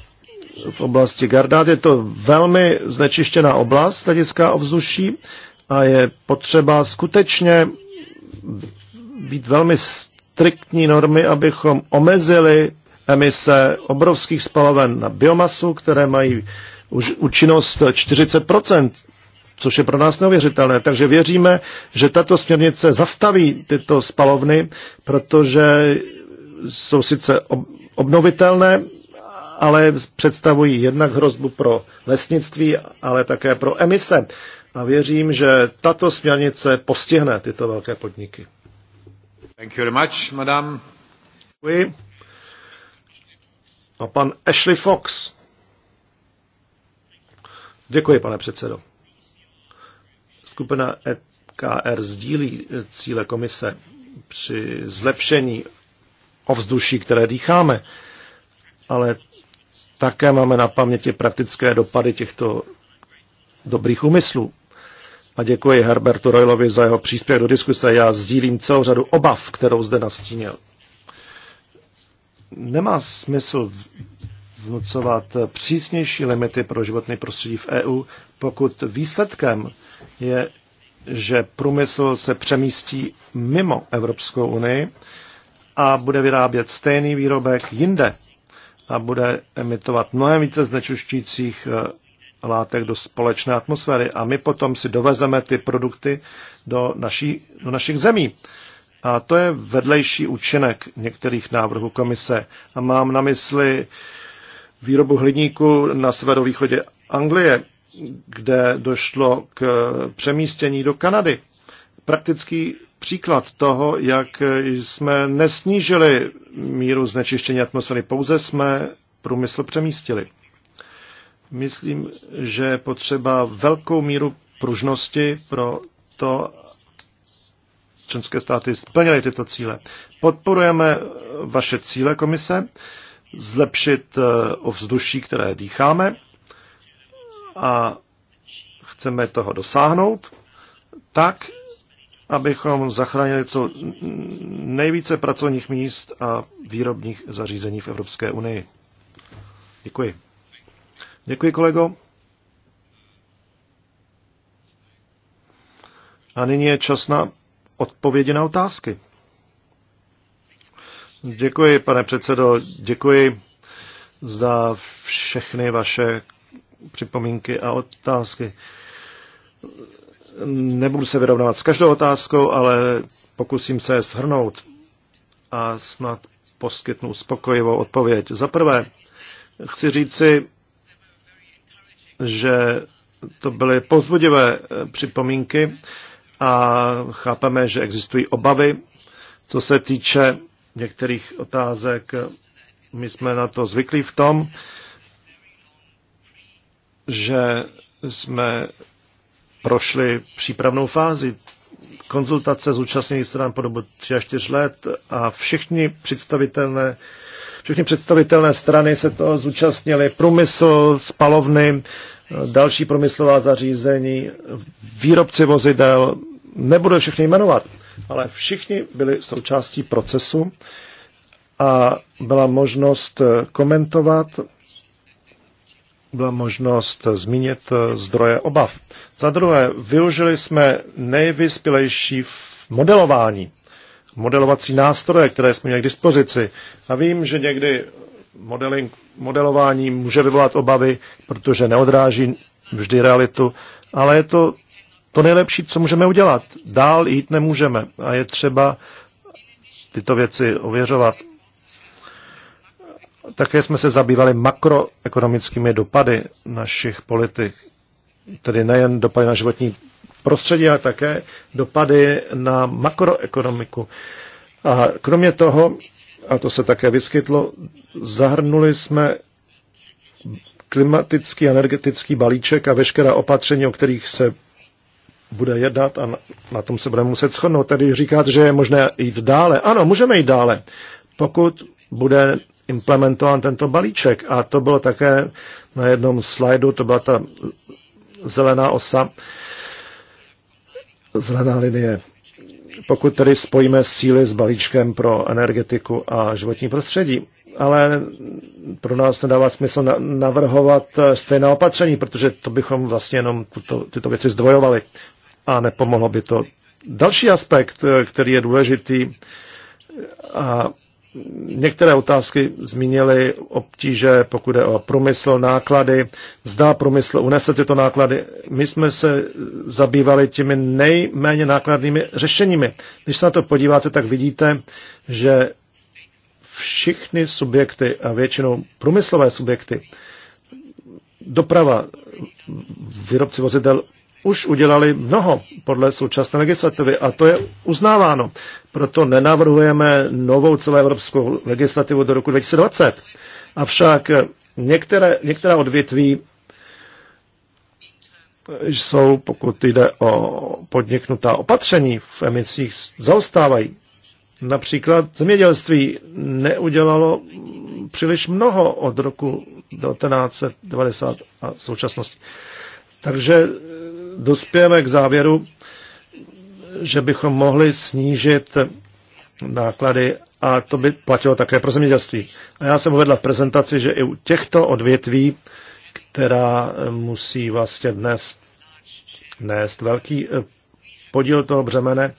v oblasti Gardát. Je to velmi znečištěná oblast z hlediska ovzduší a je potřeba skutečně být velmi striktní normy, abychom omezili emise obrovských spaloven na biomasu, které mají už účinnost 40 což je pro nás neuvěřitelné. Takže věříme, že tato směrnice zastaví tyto spalovny, protože jsou sice obnovitelné, ale představují jednak hrozbu pro lesnictví, ale také pro emise. A věřím, že tato směrnice postihne tyto velké podniky. Thank you very much, madam. Děkuji. A pan Ashley Fox. Děkuji, pane předsedo. Skupina EKR sdílí eh, cíle komise při zlepšení ovzduší, které dýcháme, ale také máme na paměti praktické dopady těchto dobrých úmyslů. A děkuji Herbertu Roylovi za jeho příspěch do diskuse. Já sdílím celou řadu obav, kterou zde nastínil. Nemá smysl vnucovat přísnější limity pro životní prostředí v EU, pokud výsledkem je, že průmysl se přemístí mimo Evropskou unii a bude vyrábět stejný výrobek jinde a bude emitovat mnohem více znečišťujících eh, látek do společné atmosféry a my potom si dovezeme ty produkty do, naší, do našich zemí. A to je vedlejší účinek některých návrhů komise. A mám na mysli výrobu hliníku na severovýchodě Anglie, kde došlo k přemístění do Kanady. Praktický příklad toho, jak jsme nesnížili míru znečištění atmosféry, pouze jsme průmysl přemístili. Myslím, že je potřeba velkou míru pružnosti pro to, členské státy splnily tyto cíle. Podporujeme vaše cíle komise, zlepšit eh, ovzduší, které dýcháme, a chceme toho dosáhnout tak, abychom zachránili co nejvíce pracovních míst a výrobních zařízení v Evropské unii. Děkuji. Děkuji, kolego. A nyní je čas na odpovědi na otázky. Děkuji, pane předsedo, děkuji za všechny vaše připomínky a otázky. Nebudu se vyrovnávat s každou otázkou, ale pokusím se je shrnout a snad poskytnu spokojivou odpověď. Za prvé, chci říci, že to byly pozbudivé připomínky a chápeme, že existují obavy, co se týče některých otázek. My jsme na to zvyklí v tom, že jsme prošli přípravnou fázi konzultace účastnými stran po dobu 3 až 4 let a všichni představitelné, všechny představitelné strany se to zúčastnili. Průmysl, spalovny, další průmyslová zařízení, výrobci vozidel, nebudu všechny jmenovat, ale všichni byli součástí procesu a byla možnost komentovat byla možnost zmínit zdroje obav. Za druhé, využili jsme nejvyspělejší modelování, modelovací nástroje, které jsme měli k dispozici. A vím, že někdy modeling, modelování může vyvolat obavy, protože neodráží vždy realitu, ale je to to nejlepší, co můžeme udělat. Dál jít nemůžeme a je třeba tyto věci ověřovat. Také jsme se zabývali makroekonomickými dopady našich politik, tedy nejen dopady na životní prostředí, ale také dopady na makroekonomiku. A kromě toho, a to se také vyskytlo, zahrnuli jsme klimatický a energetický balíček a veškerá opatření, o kterých se bude jednat a na tom se budeme muset shodnout. Tady říkat, že je možné jít dále. Ano, můžeme jít dále, pokud bude implementován tento balíček. A to bylo také na jednom slajdu, to byla ta zelená osa, zelená linie. Pokud tedy spojíme síly s balíčkem pro energetiku a životní prostředí, ale pro nás nedává smysl navrhovat stejná opatření, protože to bychom vlastně jenom tuto, tyto věci zdvojovali a nepomohlo by to. Další aspekt, který je důležitý a Některé otázky zmínily obtíže, pokud je o průmysl, náklady. Zdá průmysl unese tyto náklady. My jsme se zabývali těmi nejméně nákladnými řešeními. Když se na to podíváte, tak vidíte, že všichni subjekty a většinou průmyslové subjekty, doprava, výrobci vozidel už udělali mnoho podle současné legislativy a to je uznáváno. Proto nenavrhujeme novou celoevropskou legislativu do roku 2020. Avšak některé, některá odvětví jsou, pokud jde o podniknutá opatření v emisích, zaostávají. Například zemědělství neudělalo příliš mnoho od roku 1990 a současnosti. Takže dospějeme k závěru, že bychom mohli snížit náklady a to by platilo také pro zemědělství. A já jsem uvedla v prezentaci, že i u těchto odvětví, která musí vlastně dnes nést velký eh, podíl toho břemene,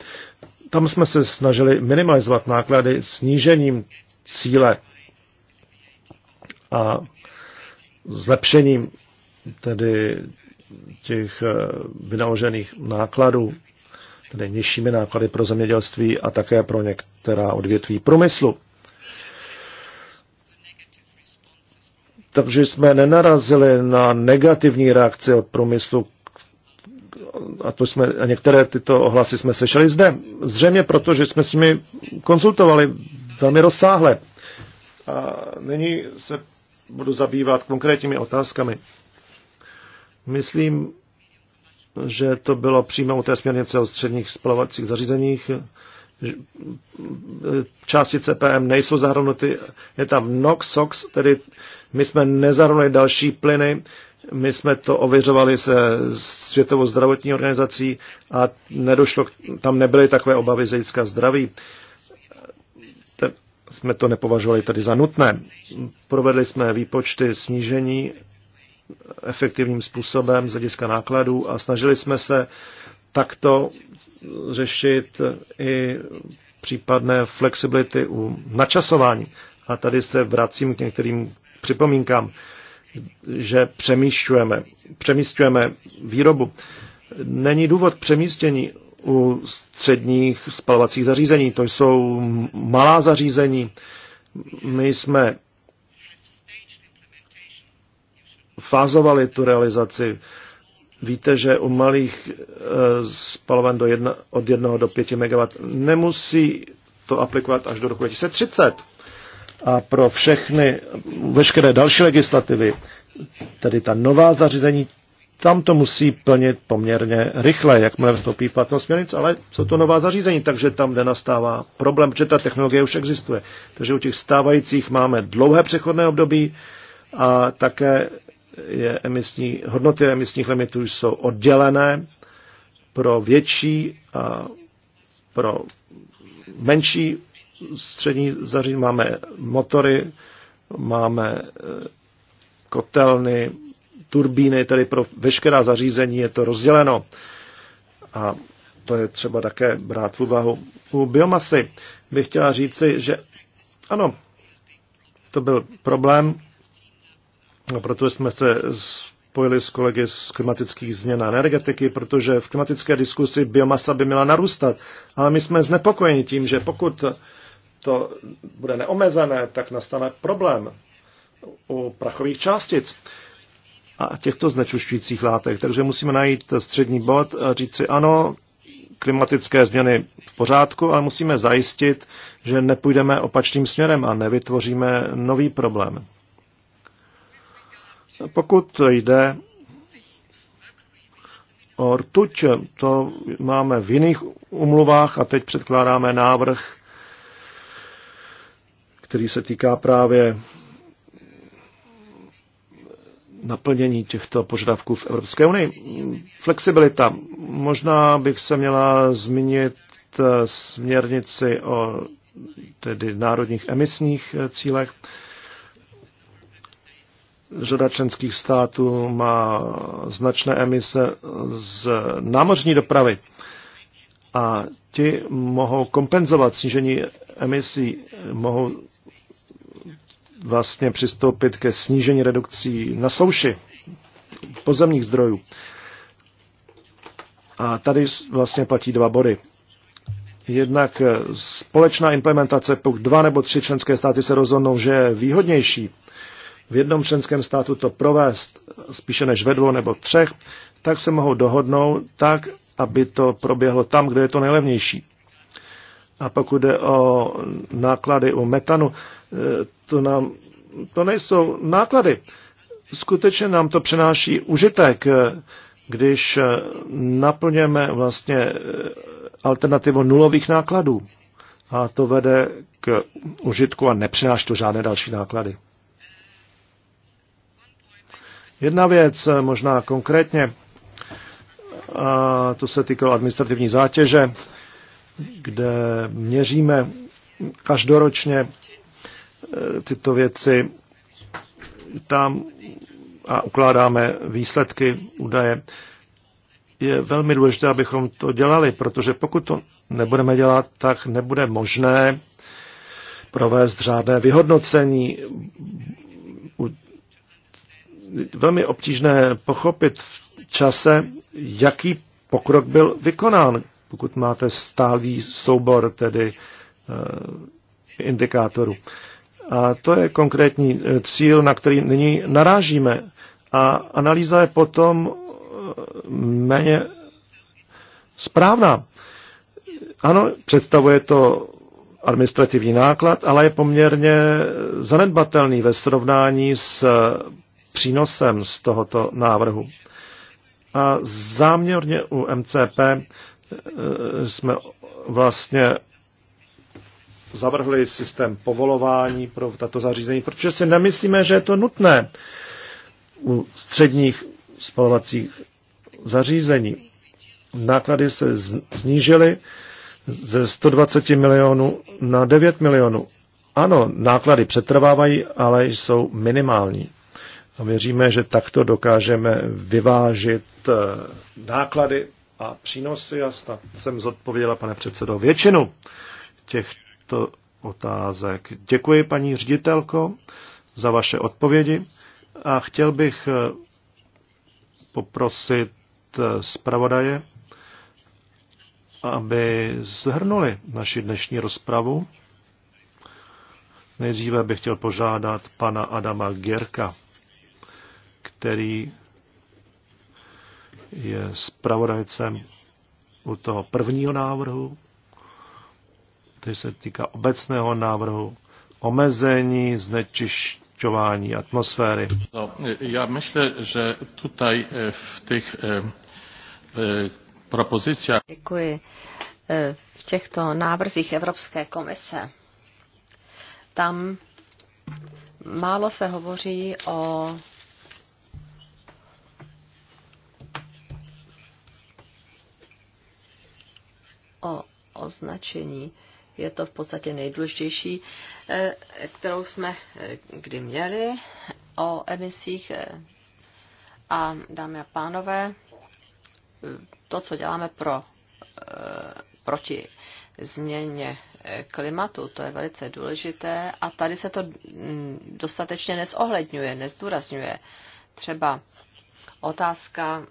tam jsme se snažili minimalizovat náklady snížením cíle a zlepšením tedy těch eh, vynaložených nákladů, tedy nižšími náklady pro zemědělství a také pro některá odvětví průmyslu. Takže jsme nenarazili na negativní reakce od průmyslu, a, to jsme, a některé tyto ohlasy jsme slyšeli zde. Zřejmě proto, že jsme s nimi konzultovali velmi rozsáhle. A nyní se budu zabývat konkrétními otázkami. Myslím, že to bylo přímo u té směrnice o středních spalovacích zařízeních. Částice PM nejsou zahrnuty, je tam NOx, SOx, tedy my jsme nezahrnuli další plyny, my jsme to ověřovali se Světovou zdravotní organizací a nedošlo, tam nebyly takové obavy z zdraví. jsme to nepovažovali tedy za nutné. Provedli jsme výpočty snížení efektivním způsobem z hlediska nákladů a snažili jsme se takto řešit i případné flexibility u načasování. A tady se vracím k některým připomínkám, že přemýšťujeme, přemístujeme výrobu. Není důvod přemístění u středních spalovacích zařízení. To jsou malá zařízení. My jsme fázovali tu realizaci. Víte, že u malých eh, spaloven do jedna, od 1 do 5 MW nemusí to aplikovat až do roku 2030. A pro všechny, veškeré další legislativy, tedy ta nová zařízení, tam to musí plnit poměrně rychle, jakmile vstoupí v platnost směrnic, ale jsou to nová zařízení, takže tam, kde nastává problém, protože ta technologie už existuje. Takže u těch stávajících máme dlouhé přechodné období a také je emisní, hodnoty emisních limitů jsou oddělené pro větší a pro menší střední zařízení. Máme motory, máme eh, kotelny, turbíny, tedy pro veškerá zařízení je to rozděleno. A to je třeba také brát v úvahu. U biomasy bych chtěla říci, že ano, to byl problém, proto jsme se spojili s kolegy z klimatických změn a energetiky, protože v klimatické diskusi biomasa by měla narůstat. Ale my jsme znepokojeni tím, že pokud to bude neomezené, tak nastane problém u prachových částic a těchto znečišťujících látek. Takže musíme najít střední bod a říct si ano, klimatické změny v pořádku, ale musíme zajistit, že nepůjdeme opačným směrem a nevytvoříme nový problém. Pokud jde o rtuč, to máme v jiných umluvách a teď předkládáme návrh, který se týká právě naplnění těchto požadavků v Evropské unii. Flexibilita. Možná bych se měla zmínit směrnici o tedy národních emisních cílech. Řada členských států má značné emise z námořní dopravy a ti mohou kompenzovat snížení emisí, mohou vlastně přistoupit ke snížení redukcí na souši pozemních zdrojů. A tady vlastně platí dva body. Jednak společná implementace, pokud dva nebo tři členské státy se rozhodnou, že je výhodnější v jednom členském státu to provést spíše než ve dvou nebo třech, tak se mohou dohodnout tak, aby to proběhlo tam, kde je to nejlevnější. A pokud jde o náklady u metanu, eh, to, nám, to nejsou náklady. Skutečně nám to přenáší užitek, eh, když eh, naplňujeme vlastně alternativu nulových nákladů. A to vede k užitku a nepřináší to žádné další náklady. Jedna věc, eh, možná konkrétně, a to se týkalo administrativní zátěže, kde měříme každoročně eh, tyto věci tam a ukládáme výsledky, údaje. Je velmi důležité, abychom to dělali, protože pokud to nebudeme dělat, tak nebude možné provést řádné vyhodnocení velmi obtížné pochopit v čase, jaký pokrok byl vykonán, pokud máte stálý soubor tedy eh, indikátorů. A to je konkrétní eh, cíl, na který nyní narážíme. A analýza je potom eh, méně správná. Ano, představuje to administrativní náklad, ale je poměrně zanedbatelný ve srovnání s přínosem z tohoto návrhu. A záměrně u MCP eh, jsme vlastně zavrhli systém povolování pro tato zařízení, protože si nemyslíme, že je to nutné u středních spalovacích zařízení. Náklady se snížily ze 120 milionů na 9 milionů. Ano, náklady přetrvávají, ale jsou minimální. A věříme, že takto dokážeme vyvážit eh, náklady a přínosy a snad jsem zodpověděla, pane předsedo, většinu těchto otázek. Děkuji, paní ředitelko, za vaše odpovědi a chtěl bych eh, poprosit eh, zpravodaje, aby zhrnuli naši dnešní rozpravu. Nejdříve bych chtěl požádat pana Adama Gierka který je zpravodajcem u toho prvního návrhu, který se týká obecného návrhu omezení znečišťování atmosféry. No, já myslím, že tutaj eh, v těch eh, eh, propozicích... Děkuji. Eh, v těchto návrzích Evropské komise tam málo se hovoří o o označení. Je to v podstatě nejdůležitější, eh, kterou jsme eh, kdy měli o emisích. Eh, a dámy a pánové, to, co děláme pro, proti změně klimatu, to je velice důležité a tady se to mm, dostatečně nezohledňuje, nezdůrazňuje. Třeba otázka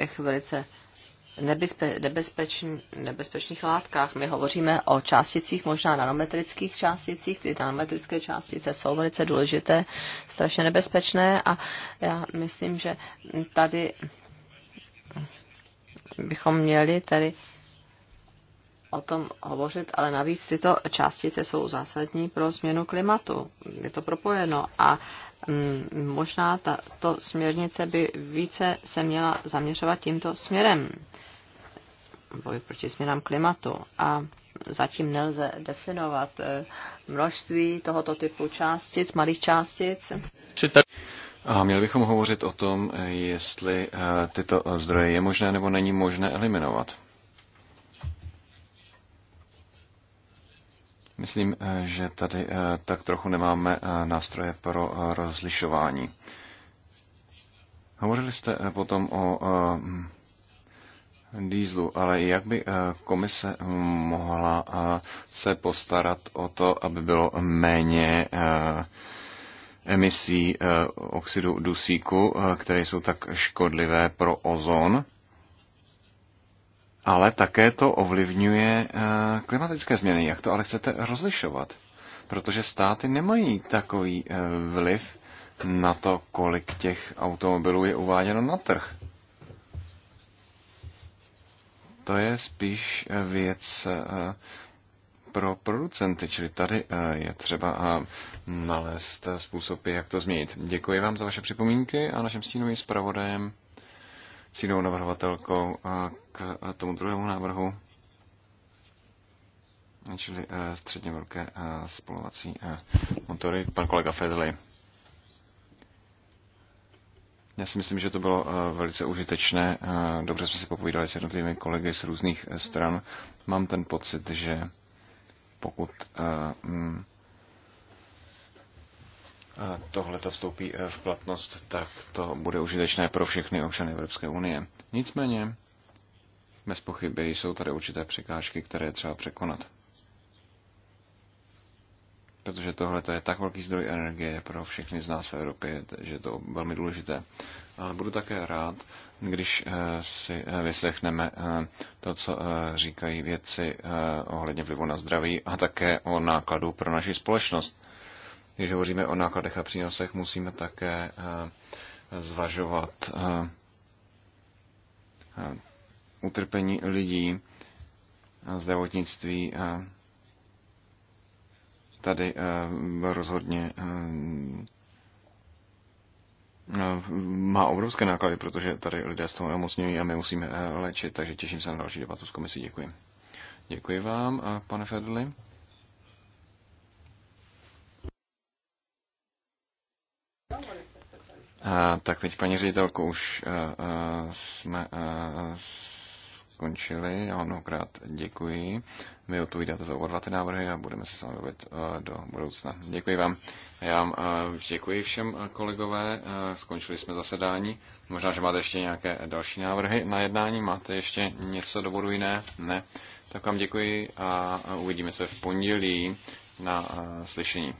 těch velice nebezpe, nebezpečn, nebezpečných látkách. My hovoříme o částicích, možná nanometrických částicích, ty nanometrické částice jsou velice důležité, strašně nebezpečné a já myslím, že tady bychom měli tady o tom hovořit, ale navíc tyto částice jsou zásadní pro změnu klimatu. Je to propojeno a mm, možná tato směrnice by více se měla zaměřovat tímto směrem boj proti změnám klimatu. A zatím nelze definovat eh, množství tohoto typu částic, malých částic. A měli bychom hovořit o tom, eh, jestli eh, tyto zdroje je možné nebo není možné eliminovat. Myslím, eh, že tady eh, tak trochu nemáme eh, nástroje pro rozlišování. Hovořili jste potom o dýzlu, ale jak by komise mohla se postarat o to, aby bylo méně emisí oxidu dusíku, které jsou tak škodlivé pro ozon? ale také to ovlivňuje eh, klimatické změny. Jak to ale chcete rozlišovat? Protože státy nemají takový eh, vliv na to, kolik těch automobilů je uváděno na trh. To je spíš eh, věc pro producenty, čili tady je třeba nalézt způsob, jak to změnit. Děkuji vám za vaše připomínky a našem stínovým zpravodajem, stínovou navrhovatelkou k eh, tomu druhému návrhu, čili eh, středně velké eh, spolovací motory, pan kolega Fedley. Já si myslím, že to bylo velice užitečné. Dobře jsme si popovídali s jednotlivými kolegy z různých stran. Mám ten pocit, že pokud mm, tohle to vstoupí v platnost, tak to bude užitečné pro všechny občany Evropské unie. Nicméně bez pochyby jsou tady určité překážky, které je třeba překonat. Protože tohle je tak velký zdroj energie pro všechny z nás v Evropě, že je to velmi důležité. Ale budu také rád, když eh, si eh, vyslechneme eh, to, co říkají vědci ohledně vlivu na zdraví a také o nákladu pro naši společnost. Když hovoříme o nákladech a přínosech, musíme také zvažovat utrpení lidí, zdravotnictví tady eh, rozhodně eh, má obrovské náklady, protože tady lidé z toho nemocňují a my musíme eh, léčit, takže těším se na další debatu s komisí. Děkuji. Děkuji vám, a pane Fedli. A, tak teď, paní ředitelko, už a, a, jsme a, s skončili. Já vám mnohokrát děkuji. Vy odpovídáte za oba dva ty návrhy a budeme se s vámi bavit eh, do budoucna. Děkuji vám. Já vám eh, děkuji všem eh, kolegové. Skončili jsme zasedání. Možná, že máte ještě nějaké další návrhy na jednání. Máte ještě něco do bodu jiné? Ne. Tak vám děkuji a uvidíme se v pondělí na slyšení.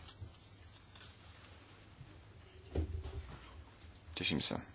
Těším se.